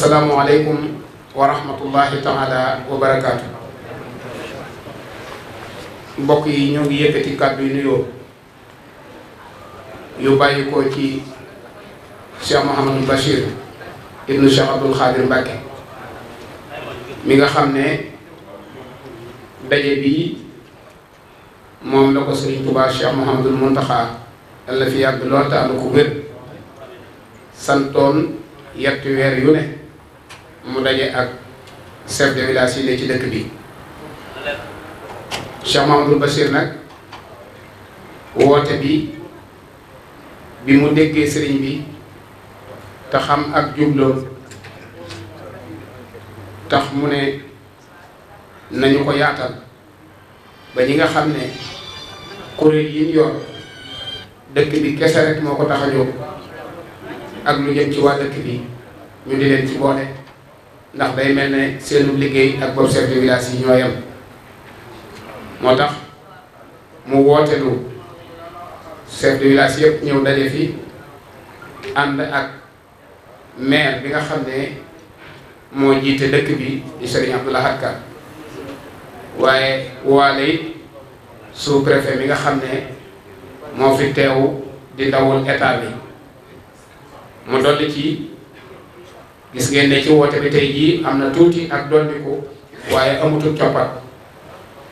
asalaamualeykum wa rahmatullahi taala wa barakaatu mbokk yi ñoo ngi yëkkati kàddu yu nuyoo yu bàyyi ko ci Cheikh Mouhamadou Bachir ibnu Cheikh Abdoul Khadir Mbacke mi nga xam ne daje bi moom la ko Sëriñ Tuubaa Cheikh Mouhamadul Muntaxa la fi yàgg lool te ànd ko santoon yetti yu ne mu daje ak chef de village yi ci dëkk bi Cheikh Mamadou Bachir nag woote bi bi mu déggee sëriñ bi te xam ak jubloo tax mu ne nañu ko yaatal ba ñi nga xam ne kuréel yi ñu yor dëkk bi kese rek moo ko tax a jóg ak lu jëm ci waa dëkk bi ñu di leen ci boole ndax day mel ne seenu liggéey ak boobu chef de village yi ñoo yem moo tax mu wootelu chef de village yëpp ñëw daje fi ànd ak maire bi nga xam ne moo jiite dëkk bi di Serigne waaye waale it sous nga xam ne moo fi teewu di ndawul état bi mu dolli ci gis ngeen ne ci woote bi tey jii am na tuuti ak dolliku waaye amutul coppat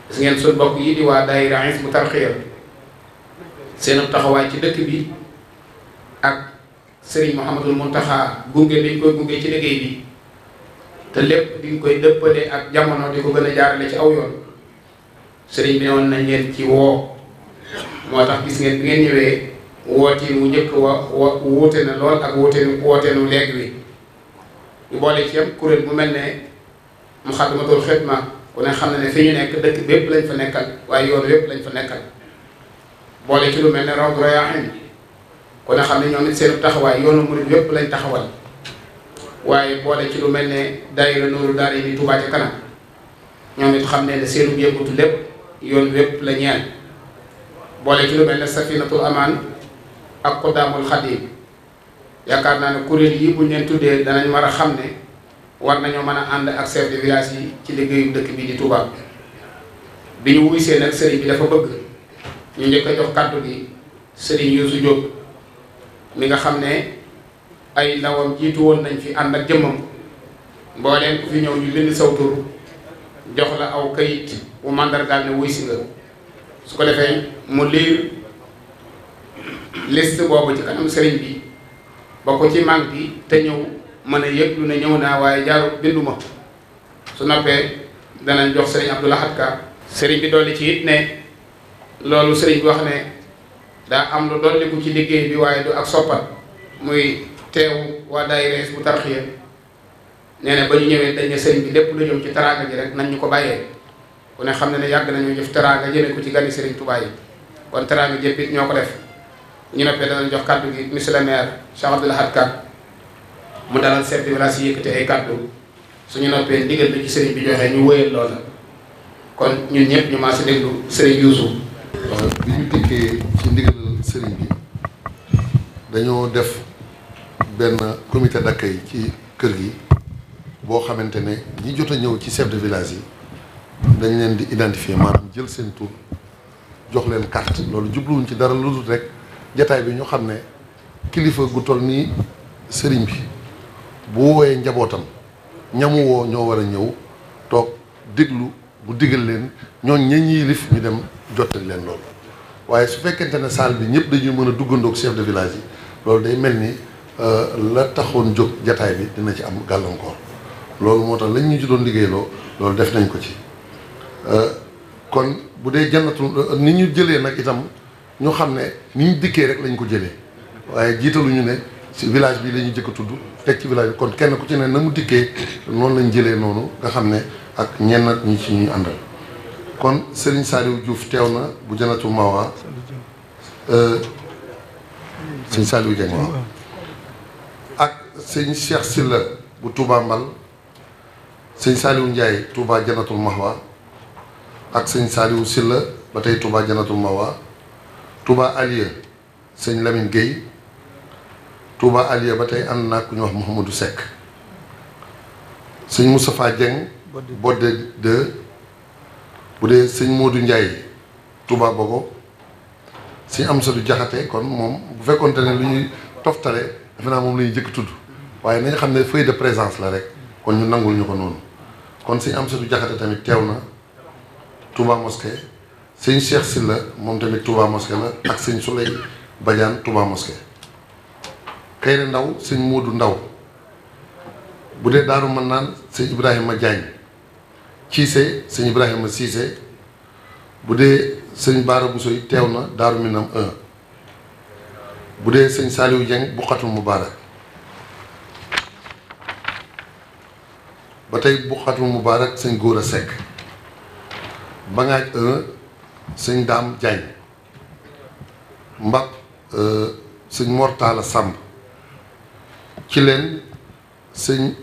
gis ngeen suñ bokk yi di waa daayira Hizbut Tarqiyyah seen taxawaay ci dëkk bi ak Serigne Mouhamadul Mountakha gunge biñ koy gunge ci liggéey bi te lépp diñ koy dëppale ak jamono di ko gën a jaarale ci aw yoon Serigne bi ne woon nañ ci woo moo tax gis ngeen bi ngeen ñëwee woote mu njëkk wa wa wuute na lool ak wuute nu wuute nu léegi wi ñu boole ci yëpp kuréel bu mel ne Muxaddamatul Xidma ku ne xam na ne fi ñu nekk dëkk bépp lañ fa nekkal waaye yoon yëpp lañ fa nekkal boole ci lu mel ne Rawdu Rayaahiin ku ne xam ne ñoom it seen taxawaay yoonu murid yëpp lañ taxawal waaye boole ci lu mel ne daayira Nuuru Daarayni Tuubaa ca kanam ñoom it xam ne ne seenu yëngutu lépp yoon yëpp la ñeel boole ci lu mel ne Safinatul Amaan ak Quddaamul Xadiim yaakaar naa ne kuréel yi buñ leen tuddee danañ mën a xam ne war nañoo mën a ànd ak chef de village yi ci liggéeyu dëkk bi di Touba bi ñu wuy seen sëriñ bi dafa bëgg ñu njëkk jox kàddu gi sëriñ Youssou Diop mi nga xam ne ay ndawam jiitu woon nañ fi ànd ak jëmmam mbooleen ku fi ñëw ñu bind saw tur jox la aw kayit wu màndargaal ne wuy si nga su ko defee mu liir liste boobu ci kanam sëriñ bi bokk ci manque bi te ñëw mën a yëg lu ne ñëw naa waaye jaaru bindu ma su noppee danañ jox sëriñ Abdou Lahad Ka sëriñ bi dolli ci it ne loolu sëriñ bi wax ne daa am lu dolliku ci liggéey bi waaye du ak soppat muy teew waa daayira bu tarxiya nee na ba ñu ñëwee dañ ne bi lépp lu jëm ci teraanga ji rek nañ ñu ko bàyyee ku ne xam ne ne yàgg nañu jëf teraanga jëme ko ci gani sëriñ Tuubaa yi kon teraanga jëpp it ñoo ko def ñu noppee danañ jox kàddu gi monsieur le maire Cheikh Abdoul Ahad Ka mu dalal chef de village yi yëkkati ay kàddu suñu noppee ndigal bi ci sëriñ bi ñu wóyal loola kon ñu maase déglu sëriñ Youssou. ci ndigal sëriñ bi dañoo def benn dakk yi ci kër gi boo xamante ne ñi jot a ñëw ci chef de village yi dañ leen di identifier maanaam jël seen tur jox leen carte loolu jubluwuñ ci dara lu dul rek. jataay bi ñu xam ne kilifa gu toll nii sëriñ bi bu woowee njabootam ñamu ñoo war a ñëw toog déglu bu digal leen ñoon ña ñuy lif ñu dem jottali leen loolu waaye su fekkente ne salle bi ñëpp dañuy mën a duggandoog chef de village yi loolu day mel ni euh, la taxoon jóg jataay bi dina ci am gàllankoor loolu moo tax lañ ñu ci doon liggéeyloo loolu def nañ ko ci euh, kon bu dee jannatul euh, ni ñu jëlee nag itam ñoo xam ne ni ñu dikkee rek lañ ko jëlee waaye jiitaluñu ne si village bi lañuy jëkk a tudd teg ci village bi kon kenn ku ci ne na mu dikkee noonu lañu jëlee noonu nga xam ne ak ñenn ñi ci ñuy àndal kon Serigne Saliou Diouf teew na bu Jannatul Mahwa euh, sëñ Saliou Dieng waaw ak sëñ Cheikh Sylla bu Touba Mbal sëñ Saliou Ndiaye Touba Jannatul Mahwa ak sëñ Saliou Sylla ba tey Touba Jannatul Mahwa Touba Alieu sëñ Lamine Guèye Touba Alieu ba tey ànd naa ku ñu wax Mouhamadou Seck sëñ Moustapha Dieng Bodde de bu dee sëñ Modou Ndiaye Touba Bogo sëñ Amsadou Diakhaté kon moom bu fekkonte ne lu ñuy toftale defe naa moom la ñuy jëkk tudd waaye nañu xam ne feuille de présence la rek kon ñu nangul ñu ko noonu kon sëñ Amsadou Diakhaté tamit teew na Touba Mosquée sëñ Cheikh Sylla moom tamit Touba Mosquée la ak sëñ Souley Badiane Touba Mosquée Kayre Ndaw sëñ Moodu Ndaw bu dee daaru mën naan sëñ Ibrahima Diagne Cissé sëñ Ibrahima Cissé bu dee sëñ Baara Bousoy teew na daaru Minam 1 bu dee sëñ Saliou Dieng Buxatul Mubaarak ba tey mu Mubaarak sëñ Góora Seck Bangaaj 1 sëñ Dame Diagne mbag sëñ Mortala Samb ci leen sëñ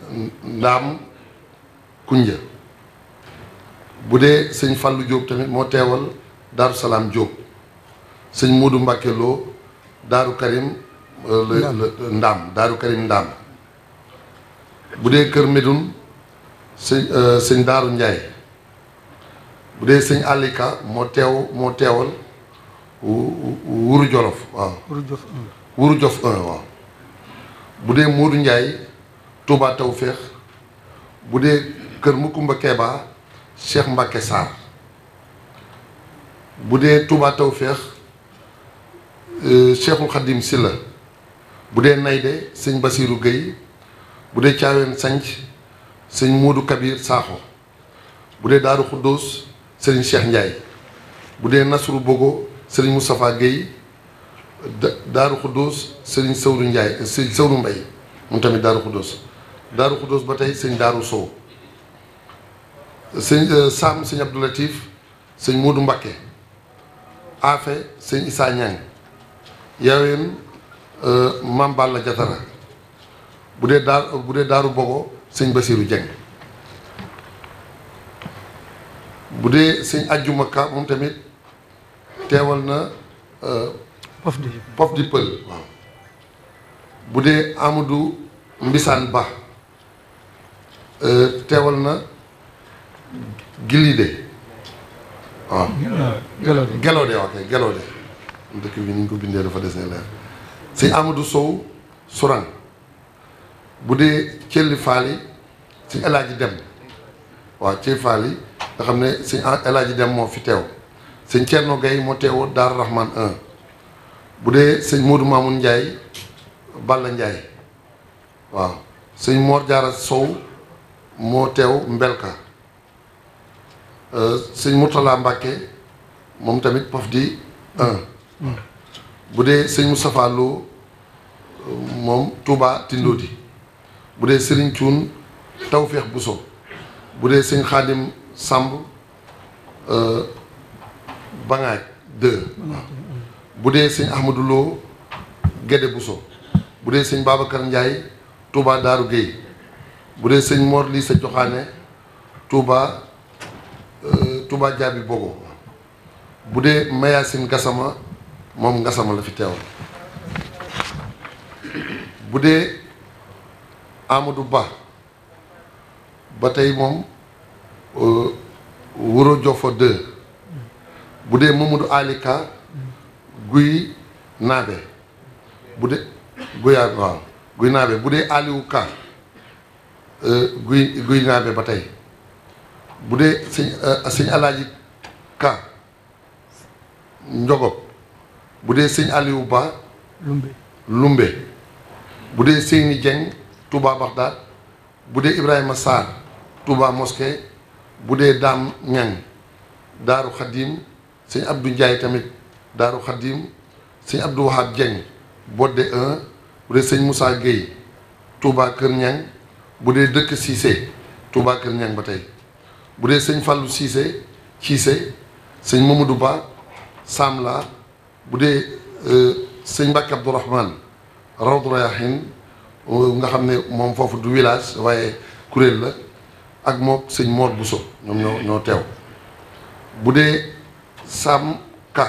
Ndaam Kunja bu dee sëñ Fallou Diop tamit moo teewal Daaru Salaam Diop sëñ Modou Mbacke Lo Daaru Karim euh, la Ndaam Daaru Karim Ndaam bu dee Kër Medoun sëñ euh, sëñ Daaru Ndiaye bu dee sëñ Alika moo teew moo teewal Wuru Jolof waaw. Wuru Jof 1. Wuru bu dee Modou Ndiaye Touba Tawféex bu dee kër Mukumba Keba Cheikh Mbacke Sarr bu dee Touba Tawféex euh, Cheikhul Khadim Silla bu dee Nayde sëñ Basirou Gueye bu dee Thiawén Sanc sëñ Modou Kabir Sakho bu dee Daaru Xuddoos Serigne Cheikh Ndiaye bu dee Nasru Bogo Serigne Moustapha Guèye Daaru Xuddoos Serigne Sawru Ndiaye eh, Serigne Sawru Mbaye moom tamit Daaru Xuddoos Daaru Xuddoos ba tey Serigne Daaru Sow Serigne eh, Sam Serigne Abdou Latif Serigne Modou Mbacké Afe Serigne Issa Niang Yaween eh, Mame Balla Diatara bu dee daar bu dee Daaru Bogo Serigne Bassirou Dieng bu dee sëñ ajjuma ka moom tamit teewal na euh, pof di pof di pël waaw bu dee Amadou Mbisaan Ba euh, teewal na Gilide waaw Gelode waaw kay Gelode dëkk bi ni ñu ko bindee dafa desee leer sëñ Amadou Sow Sourang bu dee Cëlli Faali sëñ El Dem waaw Cëlli nga xam ne sëñ El Hadji Dem moo fi teew sëñ Thierno Gaye moo teew Daaru Rahman bu dee sëñ Modou Mamoun Ndiaye Balla Ndiaye waaw sëñ Mor Diarra Sow moo teew Mbelka euh, sëñ Mourtala Mbacke moom tamit pof di bu dee sëñ Moustapha Lo euh, moom Touba Tindodi bu dee sëriñ Cuun Tawfeex Buso bu dee sëñ Xaadim Samb euh, Bangaaj deux bu dee sëñ amaduloo Lo Gédé Bousso bu dee sëñ Babacar Ndiaye Touba Daaru Guèye bu dee sëñ Mor lii sa joxaane Touba euh, Touba Diaby Bogo bu dee Mayacine Gassama moom Gassama la fi teewal bu dee Amadou Ba ba tey moom Euh, Wuro Jofo 2 bu dee Mamadou Alika Guy Naabe bu dee Guya waaw Guy Naabe bu dee Aliou Ka euh, Guy Guy Naabe ba tey bu dee sëñ euh, sëñ Alaaji bu dee sëñ Aliou Ba Lumbe Lumbe bu dee Seyni Dieng Touba Bagdad bu dee Ibrahima Sarr Touba Mosquée bu dee daam ñang daaru xadim sëñ Abdou Ndiaye tamit daaru xadim sëñ Abdou Wahab Dieng bodde 1 bu dee sëñ Moussa Gueye Touba Kër ñang bu dee dëkk Cissé Touba Kër ñang ba tey bu dee sëñ Fallou Cissé Cissé sëñ Mamadou Ba Samla bu dee euh, sëñ Mbacke Abdourahmane Rawdu Rayahin euh, nga xam ne moom foofu du village waaye kuréel la ak moom sëñ Mor Bousso ñoom ñoo teew bu dee Sam Ka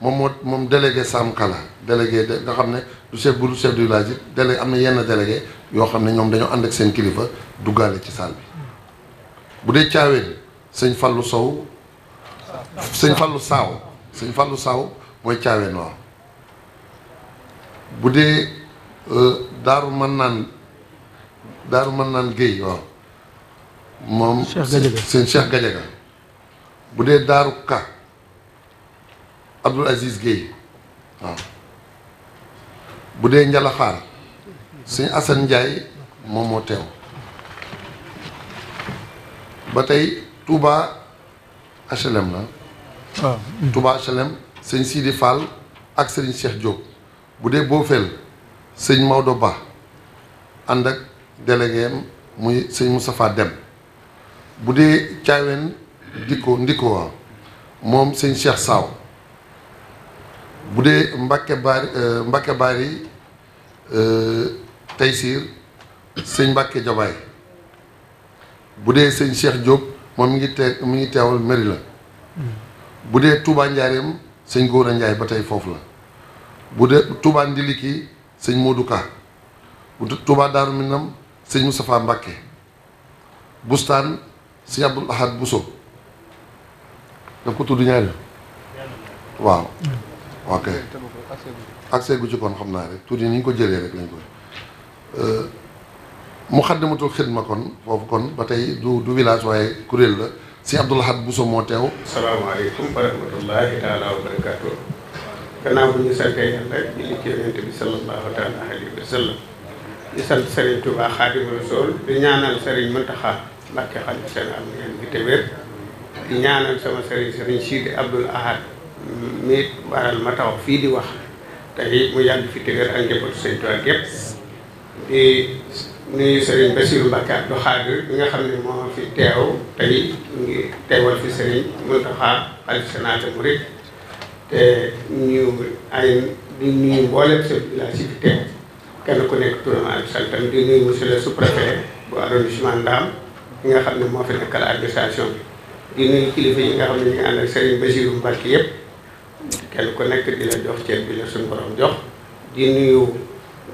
moom moo moom délégué Sam Ka la délégué nga xam ne du chef bu chef du village it délégué am na yenn délégué yoo xam ne ñoom dañoo ànd ak seen kilifa duggaale ci salle bi bu dee caaween sëñ Fallou Sow sëñ Fallou Saaw sëñ Fallou saw mooy caaween waaw bu dee euh, daaru mën naan daaru mën naan géey waaw moom Cheikh Gadiaga seen Cheikh Gadiaga bu dee Daaru Ka Aziz Guèye waaw bu dee Njalaxaar sëñ Assane Ndiaye moom moo teew ba tey Touba HLM la waaw ah. Touba HLM sëñ Sidi ak sëñ Cheikh Diop bu dee Bofel sëñ Maodo Ba ànd ak délégué muy sëñ Moustapha Dem bu dee caaween dikko ndikoo moom sëñ Cheikh Saaw bu dee Mbacke baari euh, Mbacke Bari euh, Taysiir sëñ Mbacke Jabaay bu dee sëñ Cheikh Diop moom mi ngi te mi ngi teewal mairie la bu dee Touba Njaareem sëñ Góora Njaay ba tey foofu la bu dee Touba Ndiliki sëñ Modou Ka bu Touba Daaru Minam sëñ Moustapha Mbacke Bustaan si Abdul Ahad Bousso daf ko tudd ñaari waaw ok accès gu ci kon xam naa rek tuuti ni ñu ko jëlee rek lañ koy euh, mu xaddamatul xidma kon foofu kon ba tey du du village waaye kuréel la si Abdul Ahad Bousso moo teew salaamaaleykum wa rahmatullahi taala wa barakatu gannaaw bu ñu santee yàlla julli ci yonente bi sallallahu taala alayhi wa sallam ñu sant Serigne Touba Xaadimu di ñaanal Serigne Muntaxa Mbàkke xaj seen am ngeen bi te wér di ñaanal sama sëriñ sëriñ Sidi Abdoul Ahad miit waral ma taw fii di wax te it mu yàgg fi te ak njabootu sëriñ Tuubaa yépp di nga xam ne moo fi teew tey ngi teewal fi sëriñ Mountakha xaj senaate di nuyu mboolem sa village yi fi teew kenn ku nekk turam ak santam di nuyu monsieur le sous-préfet bu arrondissement Ndam ki nga xam ne moo fi nekkal administration di nuyu kilifa yi nga xam ñu ngi ak Serigne Bassirou Mbacke yëpp kenn ku nekk di la jox ceeb bi la suñu borom jox di nuyu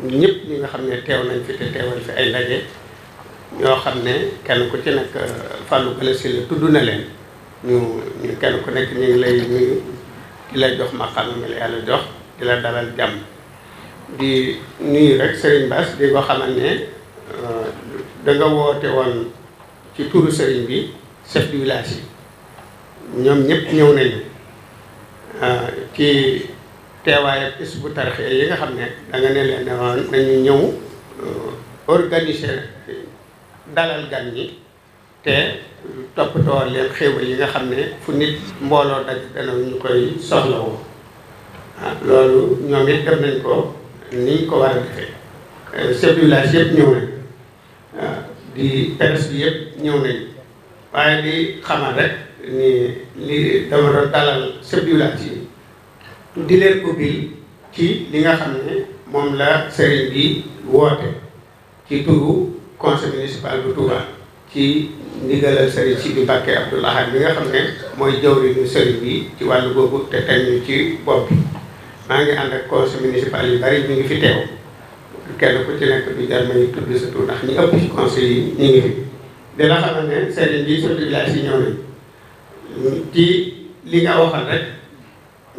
ñëpp ñi nga xam ne teew nañ fi te teewal fi ay ndaje ñoo xam ne kenn ku ci nekk euh, Fallou Gala Sylla tudd na leen ñu ñu kenn ku nekk lay nuyu di la jox maqaama mi la yàlla jox di la dalal di nuyu rek Serigne Bass di ko euh, da nga ci turu sëriñ bi chef du village yi ñoom ñëpp ñëw nañu ah, ci teewaay ak is bu tarxee yi nga xam ne danga ne leen woon nañu ñëw uh, organiser dalal gan ñi te toppatoo leen xéewal yi nga xam ne fu nit mbooloo daj dana ñu koy soxlawoo ah, loolu ñoom it def nañ ko niñ ko war a defee eh, chef du ñëw nañ ah, di presse bi yëpp ñëw nañ waaye di xamal rek ni li dama doon dalal chef du yi di leen ubbil ci li nga xam ne moom la sëriñ bi woote ci turu conseil municipal bu Touba ci ndigalal sëriñ si bi Bakay Abdoul Ahad bi nga xam ne mooy jawriñu sëriñ bi ci wàllu boobu te teg ci bopp bi maa ngi ak conseil municipal yu bari mi ngi fi teew kenn ku ci nekk du jar ma ñu tudd ndax ñi ëpp ci conseil yi ñi ngi dina xamante ne sëriñ bi chef de yi ñëw ci li nga waxal rek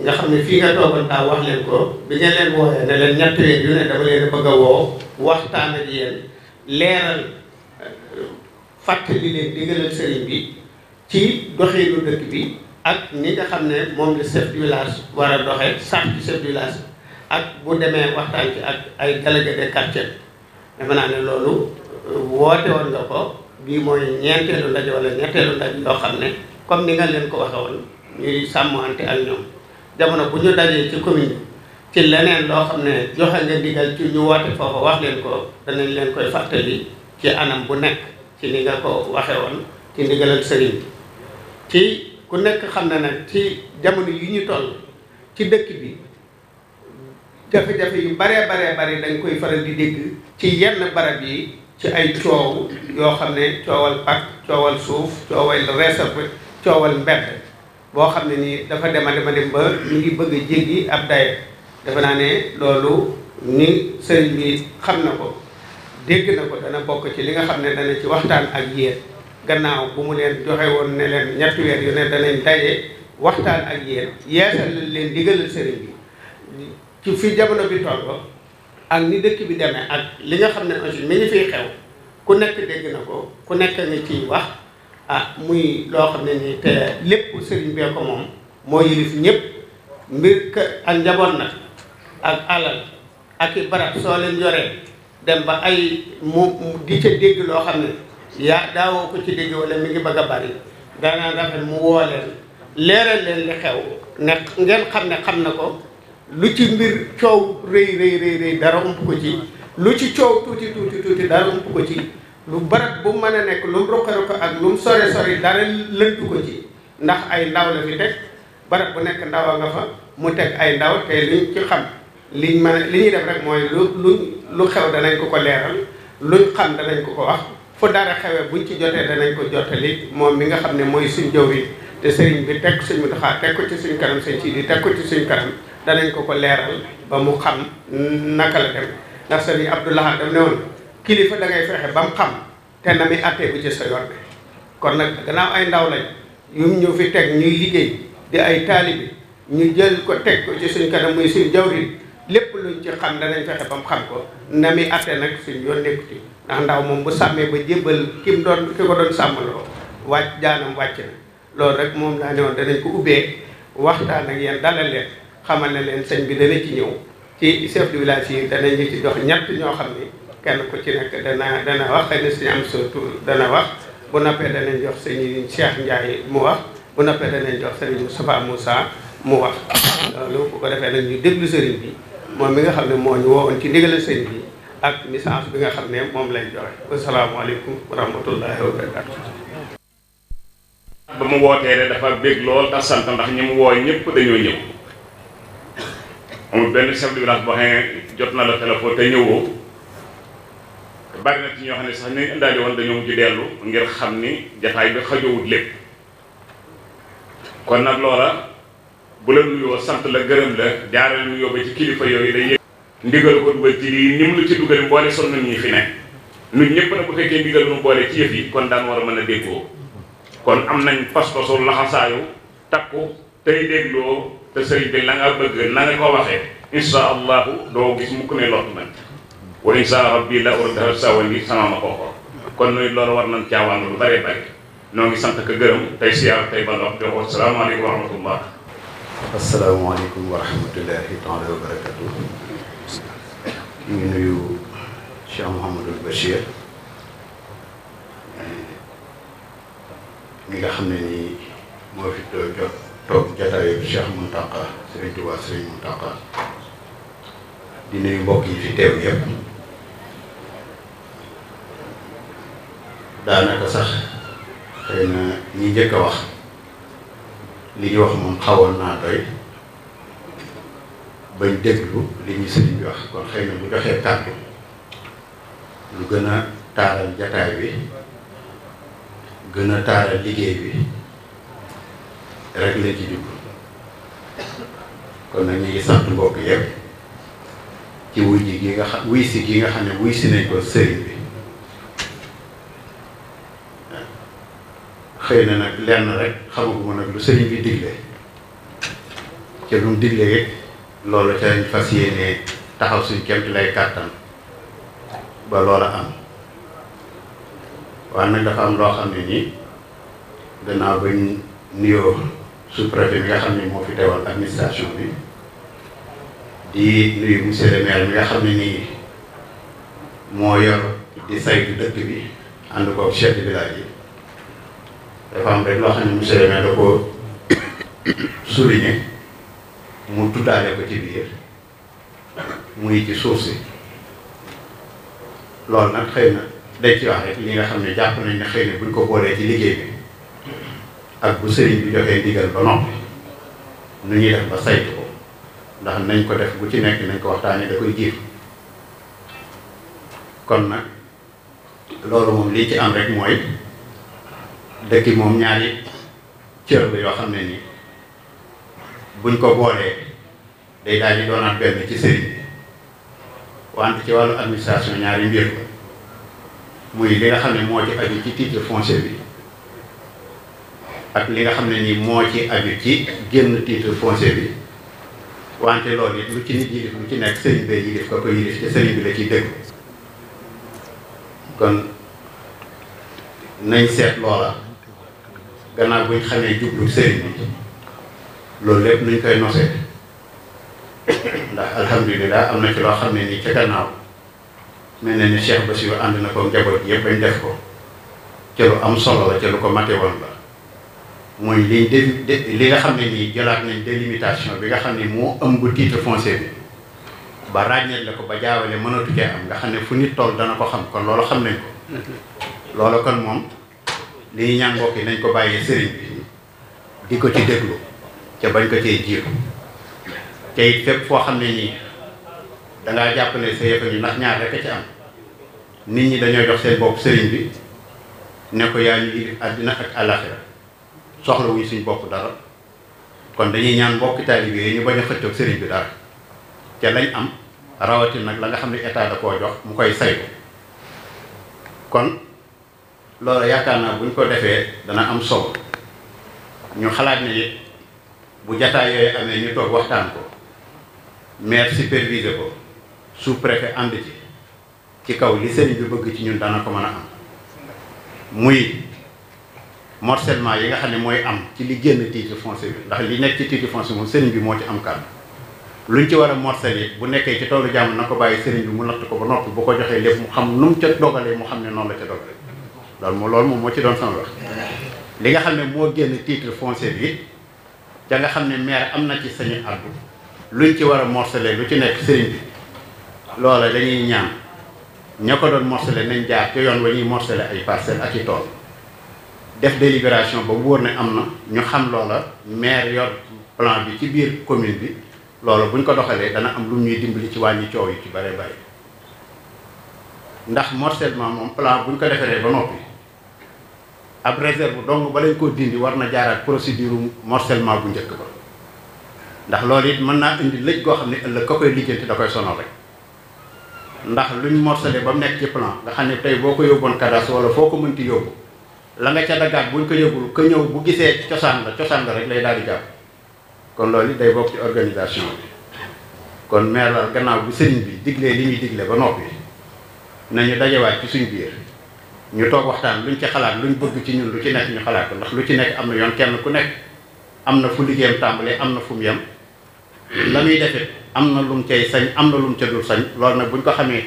nga xam ne fii nga toogoon wax leen ko bi ngeen leen woowee ne leen ñett yu ne dama leen bëgg a woo waxtaan ak yéen leeral fàttali leen digalal sëriñ bi ci doxinu dëkk bi ak ni nga xam ne moom la chef de village war a doxe sax ci chef ak bu demee waxtaan ci ak ay délégué de dafa naa ne loolu woote nga ko bii mooy ñeenteelu ndaje wala ñetteelu ndaje yoo xam ne comme ni nga leen ko waxe woon ñuy sàmmante ak ñoom jamono bu ñu dajee ci commune bi ci leneen loo xam ne joxe nga digal ci ñu woote foofa wax leen ko danañ leen koy fàttali ci anam bu nekk ci ni nga ko waxe woon ci ndigalal sëriñ ci ku nekk xam na nag ci jamono yi ñu toll ci dëkk bi jafe-jafe yu baree baree bari dañ koy faral di dégg ci yenn barab yi ci ay coow yoo xam ne coowal pàkk coowal suuf coowal réserve coowal mbedd boo xam ne nii dafa dem a dem dem ba ñu ngi bëgg jéggi ab daye dafa naa ne loolu ni sëriñ bi xam na ko dégg na ko dana bokk ci li nga xam ne dana ci waxtaan ak yéen gannaaw bu mu leen joxe woon ne leen ñetti weer yu ne danañ daje waxtaan ak yéen yeesal leen digalal sëriñ bi ci fi jamono bi toll ak ni dëkk bi demee ak li nga xam ne aussi mi ngi fi xew ku nekk dégg na ko ku nekk nga ciy wax ah muy loo xam ne nii te lépp sëriñ bee ko moom moo yilif ñëpp mbir ak njaboot nag ak alal ak i barab soo leen yoree dem ba ay mu di ca dégg loo xam ne yaa daawoo ko ci dégg wala mi ngi bëgg a bari daanaa rafet mu woo leen leeral leen li xew ne ngeen xam ne xam na ko lu ci mbir coow rëy rëy rëy rëy dara ump ko ci lu ci coow tuuti tuuti tuuti dara ump ko ci lu barab bu mën a nekk lu mu roqe roqe ak lu mu sore sore dara lëntu ko ci ndax ay ndaw la fi teg barab bu nekk ndaw a nga fa mu teg ay ndaw te liñ ci xam liñ mën li ñuy def rek mooy lu lu lu xew danañ ko ko leeral luñ xam danañ ko ko wax fu dara xewee buñ ci jotee danañ ko jottali moom mi nga xam ne mooy suñ jëw yi te sëriñ bi teg suñ mu doxaa teg ko ci suñ kanam sëñ si di teg ko ci suñ kanam danañ ko ko leeral ba mu xam naka la dem ndax sëriñ Abdou Lahad dem ne woon kilifa da fexe ba mu xam te na muy àttee bu ci sa yoon bi kon nag gannaaw ay ndaw lañ yu ñu fi teg ñuy liggéey di ay taalibi ñu jël ko teg ko ci suñ kanam muy suñ jawri lépp luñ ci xam danañ fexe ba xam ko na muy àttee nag suñ yoon nekkuti ndax ndaw moom bu sàmmee ba jébbal kim doon ki ko doon sàmmaloo wàcc jaanam wàcc na loolu rek moom laa ne woon danañ ko ubbee waxtaan ak yéen dalal leen xamal na leen sëñ bi dana ci ñëw ci chef de village yi danañu ci jox ñett ñoo xam ne kenn ku ci nekk dana dana wax xëy na suñu am surtout dana wax bu noppee danañ jox sëñ Cheikh mu wax bu noppee danañ jox sëñ Moustapha Moussa mu wax loolu defee nag ñu déglu sëriñ bi moom nga xam ne moo ñu woowoon ci ndigal sëñ bi ak message bi nga xam ne moom lañ joxe wasalaamaaleykum wa rahmatullahi wa ba mu wootee dafa bég lool te sant ndax ñi mu woo ñëpp dañoo ñëw amul benn chef de village boo xam jot na la téléphone te ñëwoo bari na ci ñoo xam ne sax ni indaale woon dañoo mujj dellu ngir xam ni jataay bi xajowut lépp kon nag loola bu la nuyoo sant la gërëm la jaarale nuyoo ba ci kilifa yooyu day yëg ndigal ko dugal ci lii ni mu ci dugal mboole sonn na ñi fi ne ñun ñëpp nag bu fekkee ndigal nu boole ci yëf yi kon daan war a mën a déggoo kon am nañ pas-pasu laxasaayu takku tey dégloo te sëriñ bi la nga bëgg na nga ko waxee insha allahu doo gis mukk ne lott nañ wala insha rabbi la urdaha sawa ngi sama ma koo xool kon nuy loolu war nañ caawaangu lu bare bare noo ngi sant ko gërëm tey siyaar tey ba ndox jox asalaamaaleykum wa rahmatullah asalaamaaleykum wa rahmatullahi taala wa barakatu ñu ngi nuyu Cheikh Mouhamadul Bachir mi nga xam ne nii moo fi doo jot toog jataayu Cheikh Mountakha Serigne Touba Serigne Mountakha di nuyu mbokk yi fi teew yépp daanaka sax xëy ñi njëkk wax li ñu wax moom xawoon naa doy bañ déglu li ñu sëriñ bi wax kon xëy bu joxee kàddu lu gën a taaral jataay bi gën a taaral liggéey bi rek lañ ci jublu kon nag ñu ngi sant mbokk yëpp ci wuy ji gi nga xam wuy si gi nga xam ne wuy si nañ ko sëriñ bi xëy na nag lenn rek xamaguma nag lu sëriñ bi digle ca lu mu digle rek loolu ca fas yéenee taxaw suñ kemt lay kàttan ba loola am waaye nag dafa am loo xam ne nii gannaaw bañ nuyoo sous-préfet nga xam ne moo fi teewal administration bi di nuyu monsieur le maire mi nga xam ne nii moo yor di saytu dëkk bi ànd ko chef de village yi dafa am rek loo xam ne monsieur le da ko souligné mu tuddaale ko ci biir mu muy ci suuf si loolu nag xëy na dañ wax rek li nga xam ne jàpp nañ ne xëy na buñ ko boolee ci liggéey bi ak bu sëriñ bi joxee digal ba noppi nu ñuy def ba saytu ko ndax nañ ko def bu ci nekk nañ ko waxtaanee da koy jiitu kon nag loolu moom lii ci am rek mooy dëkki moom ñaari cër la yoo xam ne nii buñ ko boolee day daal di doonaat benn ci sëriñ bi wante ci wàllu administration ñaari mbir la muy li nga xam ne moo ci aju ci titre foncier bi ak li nga xam ne nii moo ci aju ci génn titre foncier bi wante loolu it lu ci nit ci nekk sëriñ bee yilif ko ko yilif bi la ciy dégg kon nañ seet loola gannaaw buñ xamee jublu sëriñ bi loolu lépp nuñ koy nosee ndax alhamdulilah am na ci loo xam ne nii ca gannaaw mel na ni Cheikh Bassirou ànd na ko njaboot yëpp bañ def ko ca lu am solo la ca lu ko mate woon la mooy liñ dé li nga xam ne nii jëlaat nañ delimitation bi nga xam ne moo ëmb titre foncier bi ba ràññeet la ko ba jaawale mënatu kee am nga xam ne fu nit toll dana ko xam kon loolu xam nañ ko mm-hmm. loolu kon moom li ñu ñaan mbokk yi nañ ko bàyyee sëriñ bi di ko ci déglu ca bañ ko cee jiitu te it fépp foo xam ne nii dangaa jàpp ne sa bi ñu ndax ñaar rek a ci am nit ñi dañoo jox seen bopp sëriñ bi ne ko yaa ñu indi ak àllaaxira soxlawuñu wuñ suñ bopp dara kon dañuy ñaan mbokki taalibe yooyu ñu bañ a xëccoog sëriñ bi dara te lañ am rawatin nag la nga xam ne état da koo jox mu koy saytu kon loolu yaakaar naa buñ ko defee dana am solo ñu xalaat ne it bu jataay yooyu amee ñu toog waxtaan ko maire supervisé ko sous préfet ànd ci ci kaw li sëriñ bi bëgg ci ñun dana ko mën a am muy morcellement yi nga xam ne mooy am ci li génn titre foncier bi ndax li nekk ci titre foncier moom sëriñ bi moo ci am kàddu luñ ci war a morcelé bu nekkee ci toolu jàmm na ko bàyyi sëriñ bi mu natt ko ba noppi bu ko joxee mu xam nu mu ca dogalee mu ne noonu la ca dogalee loolu moom loolu moom moo ci doon sama wax li nga xam ne moo génn titre foncier bi da nga xam ne maire am na ci sañu àddu luñ ci war a morcelé lu ci nekk sëriñ bi loola dañuy ñaan ña ko doon morcelé nañ jaar ci yoon wa ñuy morcelé ay parcelles ak i tool def délibération ba wóor ne am na ñu xam loola maire yor plan bi ci biir commune bi loolu buñ ko doxalee dana am lu ñuy dimbali ci wàññi coow yi ci bare bare ndax morcellement moom plan buñ ko defaree ba noppi ab réserve dong ba lañ koo dindi war na jaaraat procédure morcellement bu njëkk ba ndax loolu it mën naa indi lëj goo xam ne ëllëg ka koy lijjanti da koy sonal rek ndax luñ morcelé ba mu nekk ci plan nga xam ne tey boo ko yóbboon cadastre wala foo ko mënti yóbbu la nga ca daggaat buñ ko yëgul ka ñëw bu gisee cosaan la cosaan la rek lay daal di jàpp kon loolu day bokk ci organisation bi kon maire la gannaaw bu sëriñ bi diglee li muy digle ba noppi na nañu dajewaat ci suñu biir ñu toog waxtaan luñ ci xalaat lu ñu bëgg ci ñun lu ci nekk ñu xalaat ko ndax lu ci nekk am na yoon kenn ku nekk am na fu liggéeyam tàmbalee am na fum mu yem la muy defit am na lum cay sañ am na lum ca dul sañ loolu nag buñ ko xamee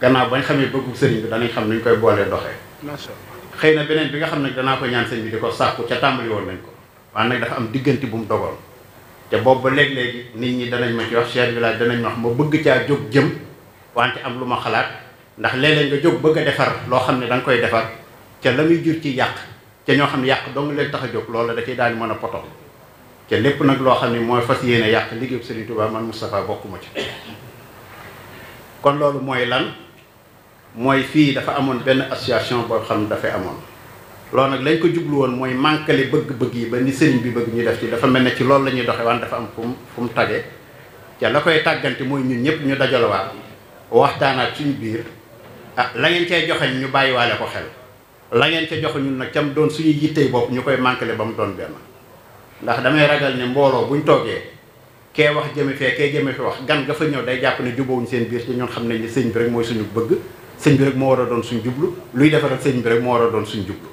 gannaaw bañ xamee bëggu sëriñ bi danañ xam nuñ koy boolee doxee xëy na beneen bi nga xam ne danaa ko ñaan sëñ bi di ko sàkku ca tàmbali woon nañ ko waaye nag dafa am diggante bu mu dogoon te boobu ba léeg-léegi nit ñi danañ ma jox wax chef village danañ ma wax ma bëgg caa jóg jëm wante am lu ma xalaat ndax léeg-léeg nga jóg bëgg a defar loo xam ne danga koy defar ca la muy jur ci yàq ca ñoo xam ne yàq dong leen tax a jóg loolu da ciy daal mën a poto ca lépp nag loo xam ne mooy fas yéene yàq liggéeyu Serigne Touba tubaab Moustapha bokkuma ci kon loolu mooy lan mooy fii dafa amoon benn association boo xam ne dafay amoon loolu nag lañ ko jublu woon mooy mànkale bëgg-bëgg yi ba ni sëriñ bi bëgg ñu def ci dafa mel ne ci loolu lañuy ñuy doxe waan dafa am fu mu fu mu tage te la koy tàggante mooy ñun ñëpp ñu dajalawaat waxtaanaat suñu biir ah la ngeen cee joxe ñu bàyyiwaale ko xel la ngeen ca joxe ñun nag cam doon suñuy yittey bopp ñu koy mànkale ba mu doon benn ndax damay ragal ne mbooloo ñu toogee kee wax jëme fee kee jëme fi wax gan nga fa ñëw day jàpp ne jubóowuñ seen biir te ñun xam ne sëñ bi suñu bëgg sëñ bi rek moo war a doon suñ jublu luy defaral sëñ bi rek moo war a doon suñ jublu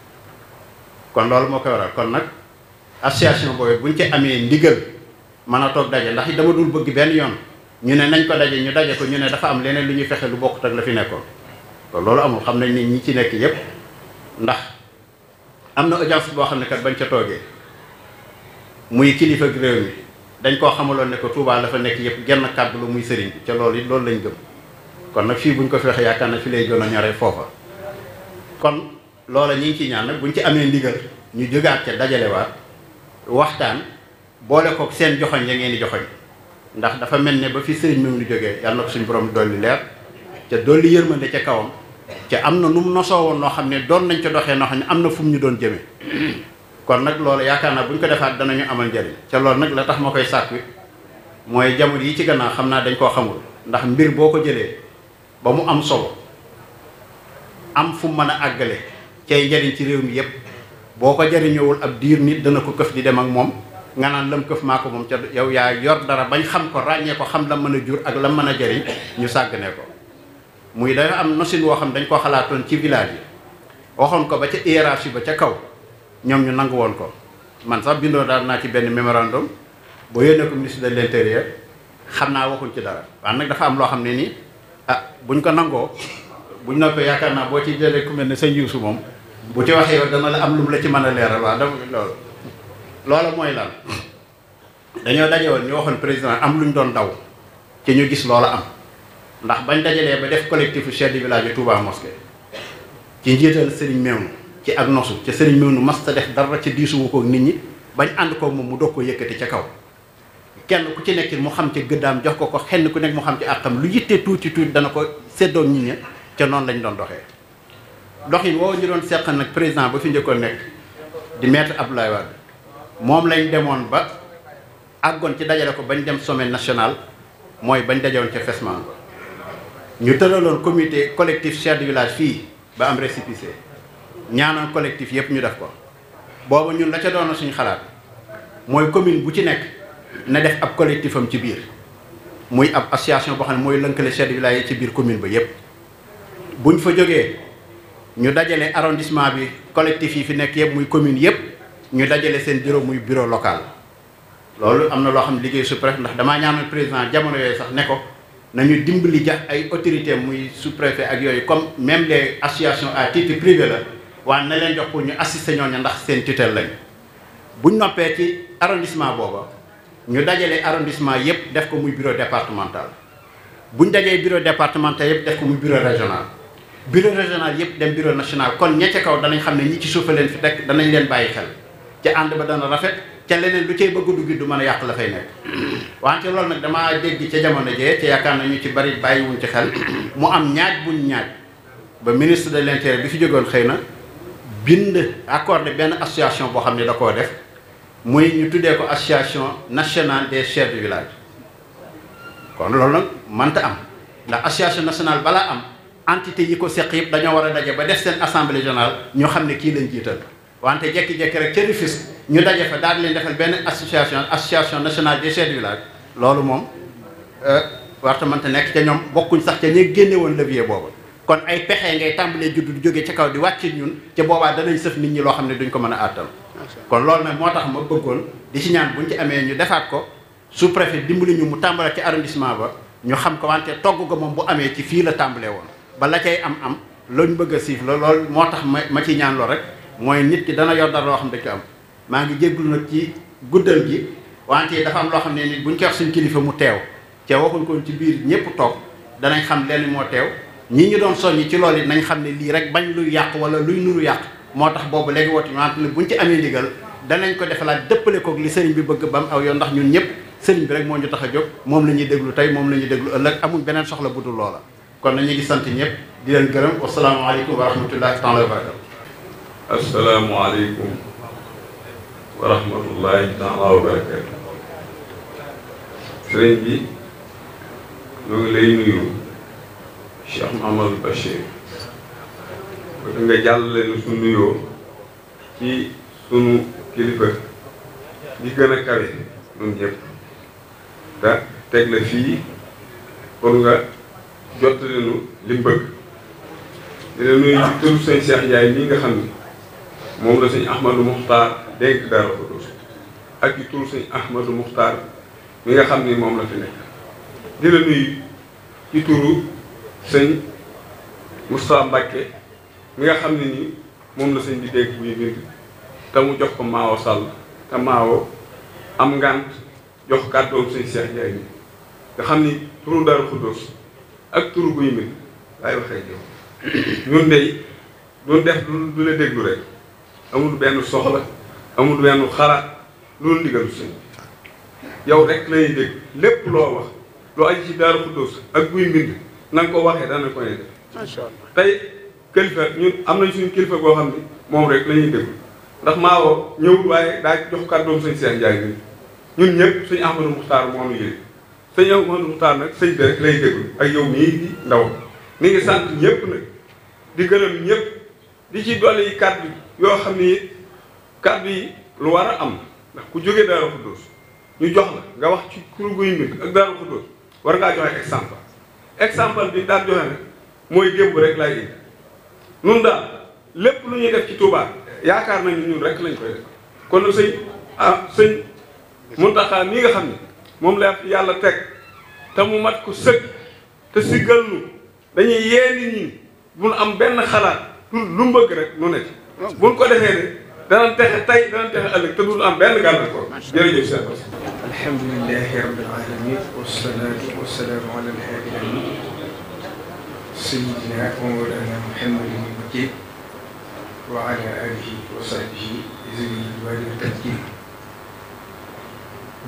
kon loolu moo ko waral kon nag association boobu buñ ci amee ndigal mën a toog daje ndax dama dul bëgg benn yoon ñu ne nañ ko daje ñu daje ko ñu ne dafa am leneen lu ñuy fexe lu bokkut ak la fi nekkoon loolu amul xam nañ ni ñi ci nekk yépp ndax am na audience boo xam ne kat bañ ca toogee muy kilifa réew mi dañ koo xamaloon ne ko Touba dafa nekk yépp genn kàddu la muy sëriñ ca loolu it loolu lañ gëm kon nak fi buñ ko fexé waxee na fi lay jono a fofa kon loola ñi ci ñaan nak buñ ci amé ndigal ñu ci dajalé dajalewaat waxtaan boole ko seen joxoñ ya ngeen di joxoñ ndax dafa mel ne ba fi sëriñ mi lu jógee yàlla ko suñu borom doli leer ca doli yërmande ca kawam ca amna num noso won no xamné doon nañ ca doxé no xamné amna fu mu ñu doon jëmé kon nak loolu yaakaar na buñ ko defaat danañu amal njëriñ ca loolu nak la tax makoy sakku moy mooy yi ci gëna xamna dañ ko xamul ndax mbir boko ko ba mu am solo am fu meuna a àggale jariñ ci réew mi yépp boko jariñewul ab diir nit dana ko keuf di dem ak mom nga nan lam keuf mako mom moom ca yow ya yor dara bañ xam ko ràññee ko xam la meuna a jur ak lam meuna jariñ ñu sàggane ko muy dafa am nosin wo xam dañ ko xalaton ci village yi waxon ko ba ca hiérarchie ba ca kaw ñom ñu nang won ko man sax bindo dal na ci benn memorandum bo yónnee ko ministre de l'intérieur xamna naa ci dara waaye nak dafa am lo ni ah ñu ko nangoo buñ noppee yaakaar naa boo ci jëlee ku mel ne sëñ moom bu ci waxee yow dana la am lu mu la ci mën a leeral waaw dafa loolu loola mooy lan dañoo daje woon ñu waxoon président am lu ñu doon daw ci ñu gis loola am ndax bañ dajalee ba def collectif chef de village Touba Mosquée ci njiital Serigne Mewnu ci ak nosu ca Serigne Mewnu mas ta def dara ci diisuwu ko nit ñi bañ ànd koo moom mu doog ko yëkkati ca kaw kenn ku ci nekk mu xam ci gëddaam jox ko ko xenn ku nekk mu xam ci àqam lu yitte tuuti tuuti dana ko séddoo nit ñi ca noonu lañ doon doxee doxin woo ñu doon seqal nag président ba fi njëkkoon nekk di maître Abdoulaye Wade moom lañ demoon ba àggoon ci dajale ko bañ dem sommet national mooy bañ dajoon ca Fesman ñu tëraloon comité collectif chef de village fii ba am récépissé ñaanoon collectif yëpp ñu def ko boobu ñun la ca doon suñu xalaat mooy commune bu ci nekk na def ab collectif ci biir muy ab association boo xam ne mooy lënkale chef de village ci biir commune ba yépp buñ fa jógee ñu dajale arrondissement bi collectif yi fi nekk yépp muy commune yépp ñu dajale seen bureau muy bureau local loolu am na loo xam ne liggéey su préfet ndax damaa ñaanal président jamono yooyu sax ne ko na nañu dimbali jax ay autorité muy sous-préfet ak yooyu comme même les associations à titre privé la waaye na leen jox pour ñu assister ñooñu ndax seen tutelle lañ buñ noppee ci arrondissement booba ñu dajale arrondissement yëpp def ko muy bureau départemental bu ñu dajee bureau départemental yëpp def ko muy bureau régional bureau régional yëpp dem bureau national kon ña kaw danañ xam ne ñi ci suufa leen fi teg danañ leen bàyyi xel ca ànd ba dana rafet ca leneen lu cay bëgg a dugg du man a yàq la fay nekk wante loolu nag damaa dégg ca jamono jee ca yaakaar nañu ci bari bàyyiwuñ ci xel mu am ñaaj buñ ñaaj ba ministre de l'intérieur bi fi jógoon xëy na bind accordé benn association boo xam ne da koo def moy ñu tuddé ko association nationale des chefs de village kon loolu nag mënta am ndax association nationale bala am entité yi ko seq yëpp dañoo war a ba def sen assemblée générale ñu xamné ki lañ jiital wante jekki-jekki rek cëri fis ñu dajé fa daal leen defal benn association association nationale des chefs de village loolu moom euh, warta mënta nek ca ñom bokkuñ sax ca ñi génné won levier bobu kon ay pexé ngay tambalé juddu di jóge ca kaw di wacc ñun ca boba danañ seuf nit ñi lo xamné duñ ko mëna atal kon loolu nag moo tax ma bëggoon di ci ñaan buñ ci amee ñu defaat ko sous préfet dimbali ñu mu tàmbale ci arrondissement ba ñu xam ko wante togg ko moom bu amee ci fii la tàmbalee woon ba la cay am am lañ bëgg a siif la loolu moo tax ma ma ci ñaan lool rek mooy nit ki dana yor dara loo xam ne ko am maa ngi jégglu nag ci guddal gi wante dafa am loo xam ne buñ koy wax suñ kilifa mu teew te waxuñ ko ci biir ñëpp toog danañ xam lenn moo teew ñi ñu doon soññi ci lool yi nañ xam ne lii rek bañ luy yàq wala luy nuru yàq moo tax boobu léegi woote wante ne buñ ci amee ndigal danañ ko defalaat dëppale koog li sëriñ bi bëgg bam aw yoon ndax ñun ñëpp sëriñ bi rek moo ñu tax a jóg moom la ñuy déglu tey moom lañuy ñuy déglu ëllëg amuñ beneen soxla bu dul loola kon nañu ngi sant ñëpp di leen gërëm wasalaamaaleykum wa rahmatullahi taala wa barakatu asalaamualeykum wa rahmatullahi taala wa barakatu sëriñ bi ñoo lay nuyu Cheikh Mahamadou Bachir ko te nga jàllale nu su nuyoo ci sunu kilifa gi gën a kawe nun ñëpp te teg la fii pour nga jottali nu li bëgg di la nuyu ci turu sëñ Cheikh Ndiaye nga xam ni moom la sëñ Ahmadou Mokhtar dénk Daaru Xudoos ak ci turu sëñ Ahmadou Mokhtar mi nga xam ni moom la fi nekk di la nuyu ci turu sëñ Moustapha Mbacke mi nga xam ni nii moom la seen bi dégg muy bind te mu jox ko Maawo Sall te Maawo am ngant jox kàddoom sëñ Cheikh Ndiaye mi nga xam ni turu Daaru Xuddoos ak turu guy mi laay waxee jow ñun dey duñ def lu la déglu rek amul benn soxla amul benn xalaat loolu ndigalu sëñ bi yow rek lañuy dégg lépp loo wax lu aju ci Daaru Xuddoos ak guy mbind na ko waxee dana ko ne def tey kilifa ñun am nañ suñu kilifa goo xam ne moom rek lañuy ñuy déglu ndax Maodo ñëwul waaye daa jox kàddoom sëñ Cheikh Ndiaye bi ñun ñëpp sëñ Ahmadou Moukhtar moo ñu yële sëñ Ahmadou Moukhtar nag sëñ bi lay déglu ak yow mii di ndaw ni ngi sant ñëpp nag di gërëm ñëpp di ci dolli yi kàddu yoo xam ni kàddu bi lu war a am ndax ku jógee Daaru Xuddoos ñu jox la nga wax ci kuru guy mbir ak Daaru Xuddoos war ngaa joxe exemple exemple bi daal joxe nag mooy démb rek laay nun daal lépp lu ñuy def ci Touba yaakaar nañu ñun rek lañ koy def kon nag sëñ ah sëñ Muntaxa mii nga xam ne moom la yàlla teg te mu mat ko sëg te si gëlnu dañuy yee nit ñi bu am benn xalaat pour lu mu bëgg rek nu ne bu nu ko defee ne danañ texe tey danañ texe ëllëg te du am benn gàllankoor jërëjëf seen alhamdulilahi rabbil alamin wasalaatu wasalaamu ala alhamdulilah سيدنا ومولانا محمد المكيب وعلى اله وصحبه اذن الوالد التكيب